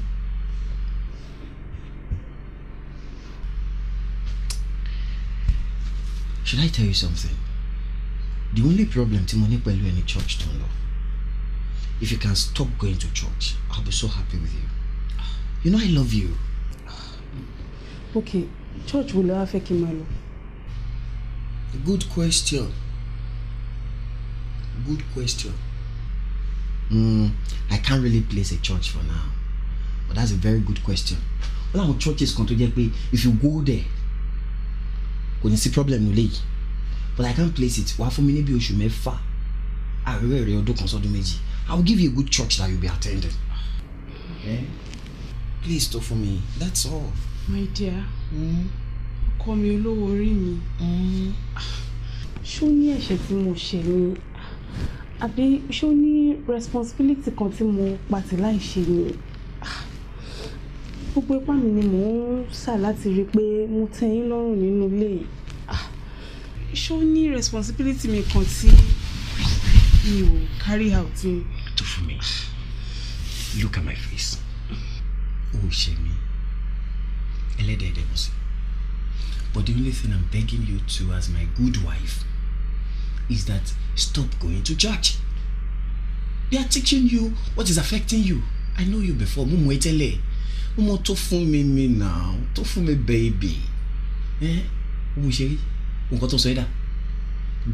Should I tell you something? The only problem to money ní pẹ̀lú any church tó not know. If you can stop going to church, I'll be so happy with you. You know I love you. Okay, church will affect him, fẹ́ Good question. Good question. Mm, I can't really place a church for now. But that's a very good question. Wọ́n our churches kan tó jẹ́ if you go there kò ní sí problem nílé yìí but I can't place it for me mi níbi oṣù mẹ́fà àárẹ̀ rẹ̀ ọdún kan sọ́dún me. I will give you a good church that you be attending. Okay? Eh? Please tó for me. that's all. My dear hmm? ọkọ mi olówó orí mi hmm? ṣó ní ẹ̀ṣẹ̀ tí mo ṣe àbí ṣé ó ní responsibility kan tí mo pàtì láì ṣe ni gbogbo ipá mi ni mò ń sà láti rí i pé mo tẹ́ yín nínú ilé yìí ṣé ní responsibility mi kan tí mi ò carry out ni. tó fún mi look at my face ó ṣe mí ẹlẹ́dẹ̀ẹ́dẹ̀ mo sì but the only thing I'm begging you to as my good wife is that Stop going to church. They are teaching you what is affecting you. I know you before. Mo mọ̀ ẹ́ tẹ́lẹ̀. Mo mọ̀ tó now. Tó fún mi baby. Eh, o mo ṣe rí. Nǹkan tó sọ ẹ́ dà.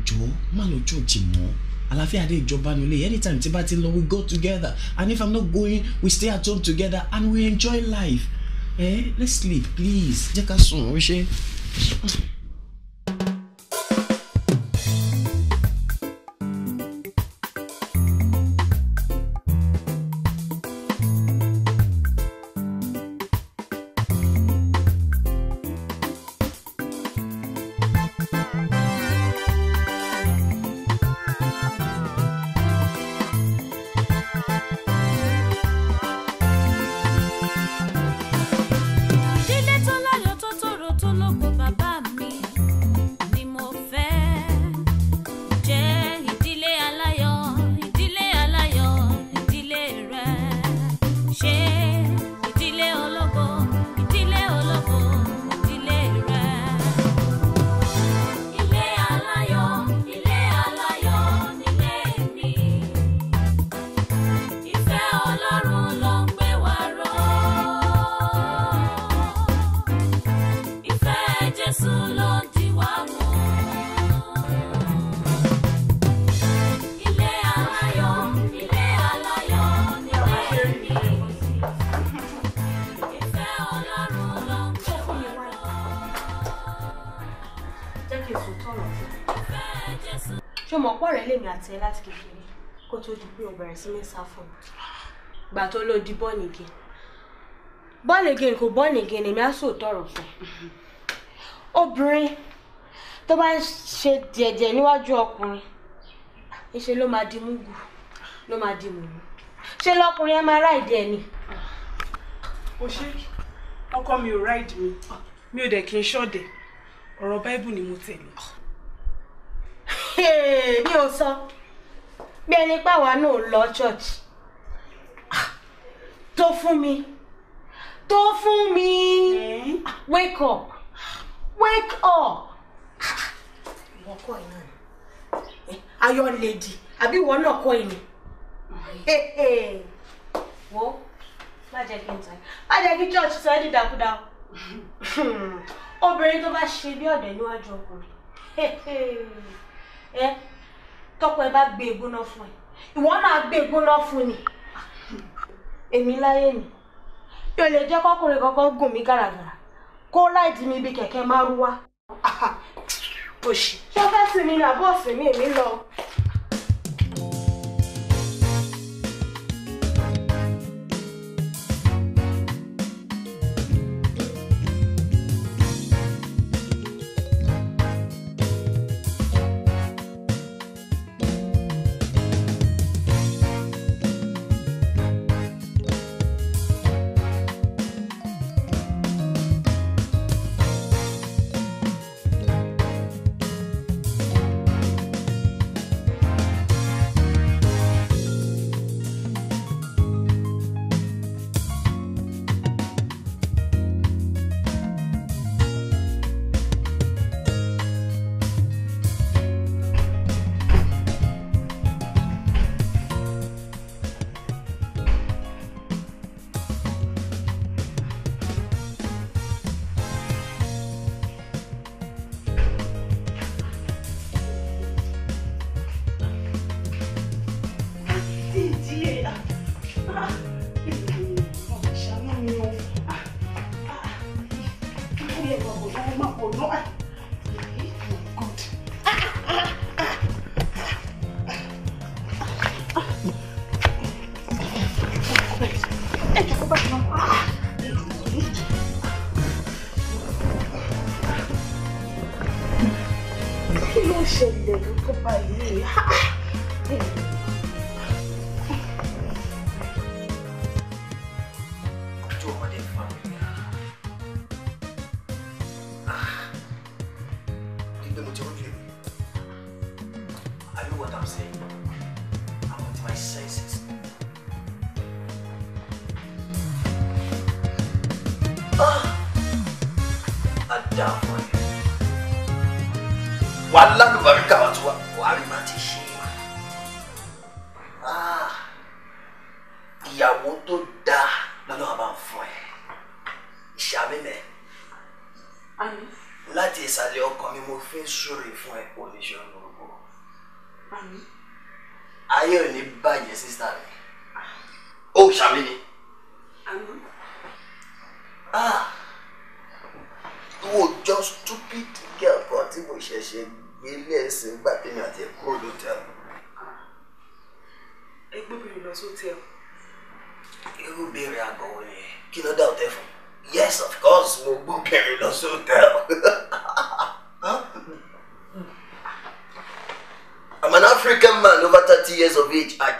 Jọ̀ọ́ má lọ church mọ́. Àlàáfíà Anytime tí bá ti lọ we go together. And if I'm not going we stay at home together and we enjoy life. eh? let's sleep please. Jẹ́ ká sùn ó bẹ̀rẹ̀ sí ní fún mi gbà tó ló di born again born again kò born again èmi á sò tọrọ fún obìnrin tó bá ń ṣe jẹ̀jẹ̀ níwájú ọkùnrin ńṣe ló máa di múgù ló máa di mùmú ṣé lọkùnrin ẹ máa ráìdì ẹ ni. o ṣe ọkọ mi ò ráìdì mi mi ò dẹ̀ kí n ṣọdẹ ọ̀rọ̀ báíbù ni mo tẹ̀lé. mi ò sọ bí ẹni pàwa náà lọ church ah, tó fún mi tó fún mi ah, wake up wake up. wọ́n kọ́ ẹ̀ náà eh, ayọ̀ lèdì àbí ìwọ náà kọ́ ẹ̀ ni wo má jẹ́ kí n tàn má jẹ́ kí church sọ ẹ́ di dàkúdà obìnrin tó bá ṣe bí ọ̀dẹ̀ níwájú ọkùnrin ẹ eh, tọkọ ẹ bá gbé egbóná fún ẹ ìwọ náà gbé egbóná fún ni èmi láyé ni mi ò lè jẹ́ kọ́kùnrin kankan gùn mí gàràgàrà kó láìdí mi bí kẹ̀kẹ́ márúwá. òṣì ṣé fẹ́ sinmi ní àbọ̀ sinmi èmi lọ.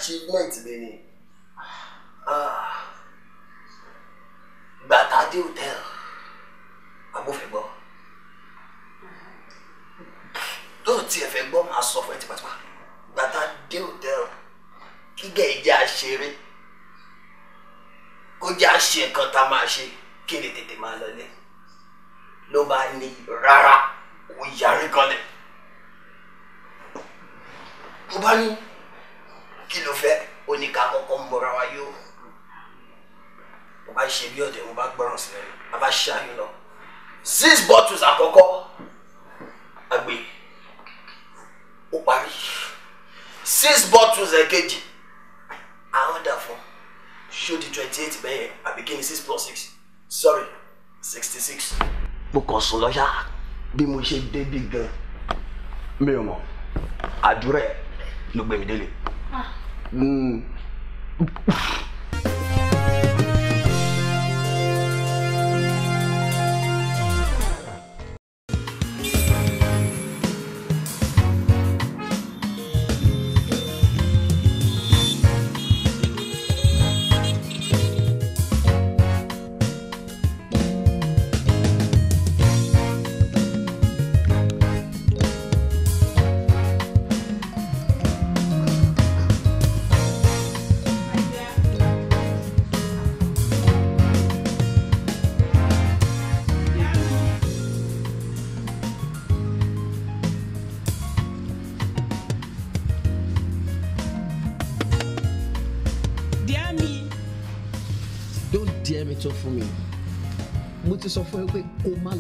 新面子呢？bí mo ṣe débi gan mi ò mọ̀ àdúrà ẹ̀ ló gbé mi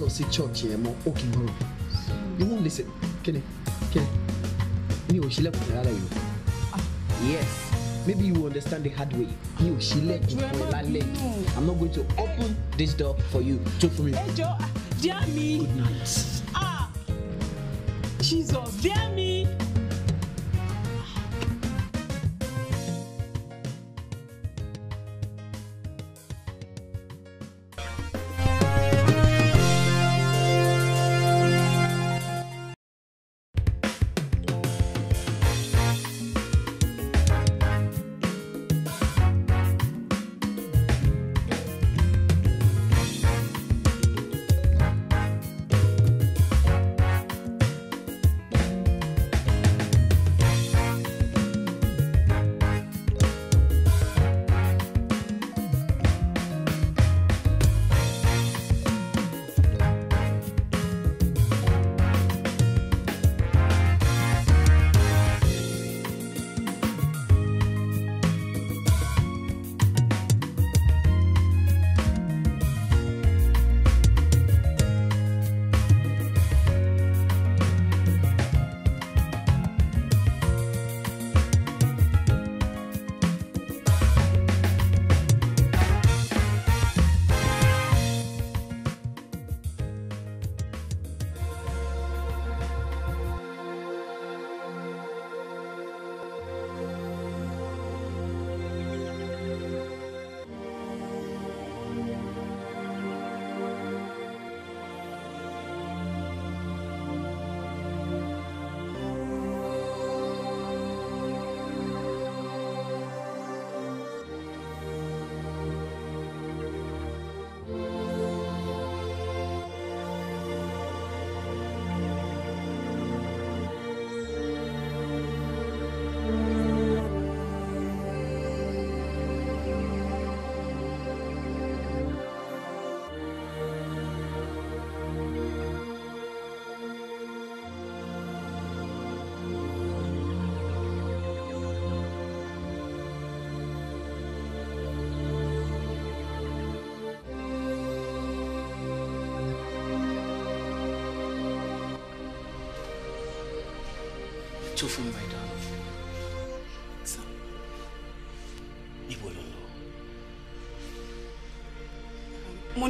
lọ yes maybe you understand the hard way You, ò ṣílẹ̀kùn fún i'm not going to open this door for you tó for me, ẹ jọ díẹ̀ mi good night ah jesus dear me.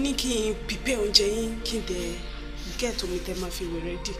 ní kí n pípẹ́ oúnjẹ yín kí n dẹ̀ gẹ́ẹ̀tì omi tẹ́ máa fi wẹ̀ rẹ́dì.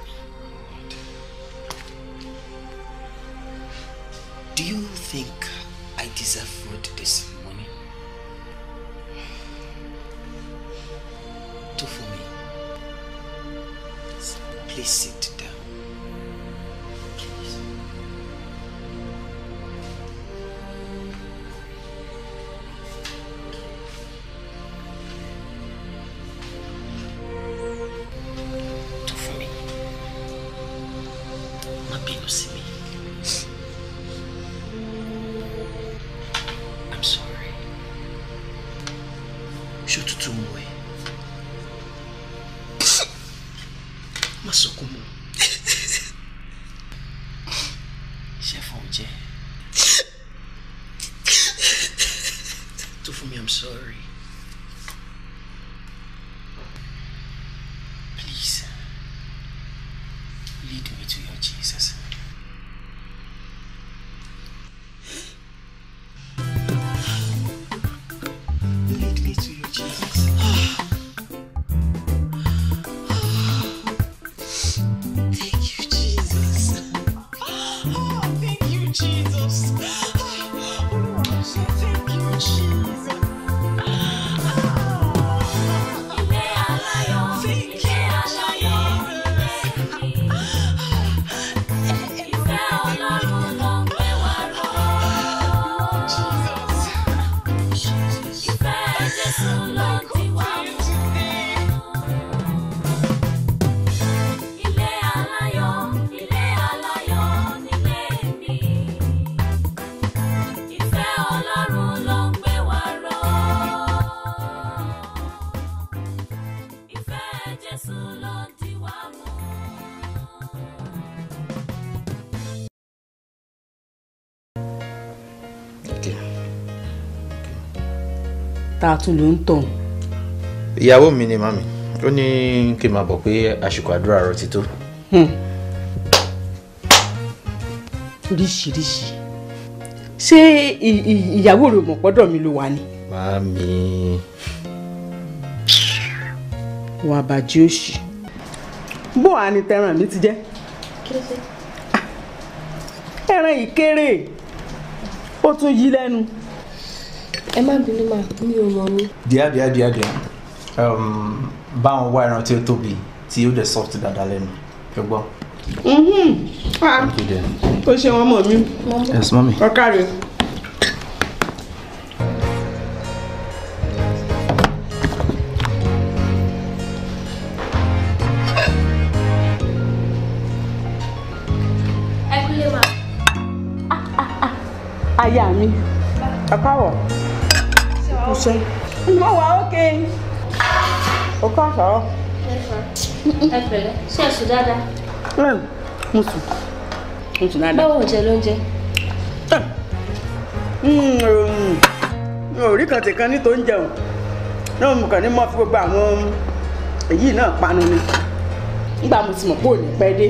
tún ló ń tàn. ìyàwó mi ni màmí ó ní kí n máa bọ̀ pé àsìkò àdúrà rẹ ti tó. Hmm. oríṣiríṣi ṣé ìyàwó rẹ mọ̀ pọ́dọ̀ mi ló wà ni. màmí. wà bàjẹ́ òṣì. bó a ni tẹran mi ti jẹ́. Ah, ẹran ìkéré ó tún yí lẹ́nu ẹ má bínú mà mi ò mọ̀ mi. díà díà díà díà um, báwọn wá ẹran tí ó tóbi tí ó dẹ̀ soft dáadáa lẹ́nu ẹ gbọ́. Mm-hmm. Ah, o ṣe wọn mọ̀ mi. yes mọ́mí. ọ̀kadì. ṣe. mo wà ókè. o kọ́ àṣàrọ̀. ẹ pẹ̀lẹ́ ṣe é sùn dáadáa. mo sùn mo sùn dáadáa. báwo jẹ lóúnjẹ. Hmm, mi ò rí kan tìkan ní tó ń jẹun náà mo kàn ní mọ́ fún gbogbo àwọn èyí náà panu ni nígbà mo ti mọ̀ pé ò ní pẹ́ dé.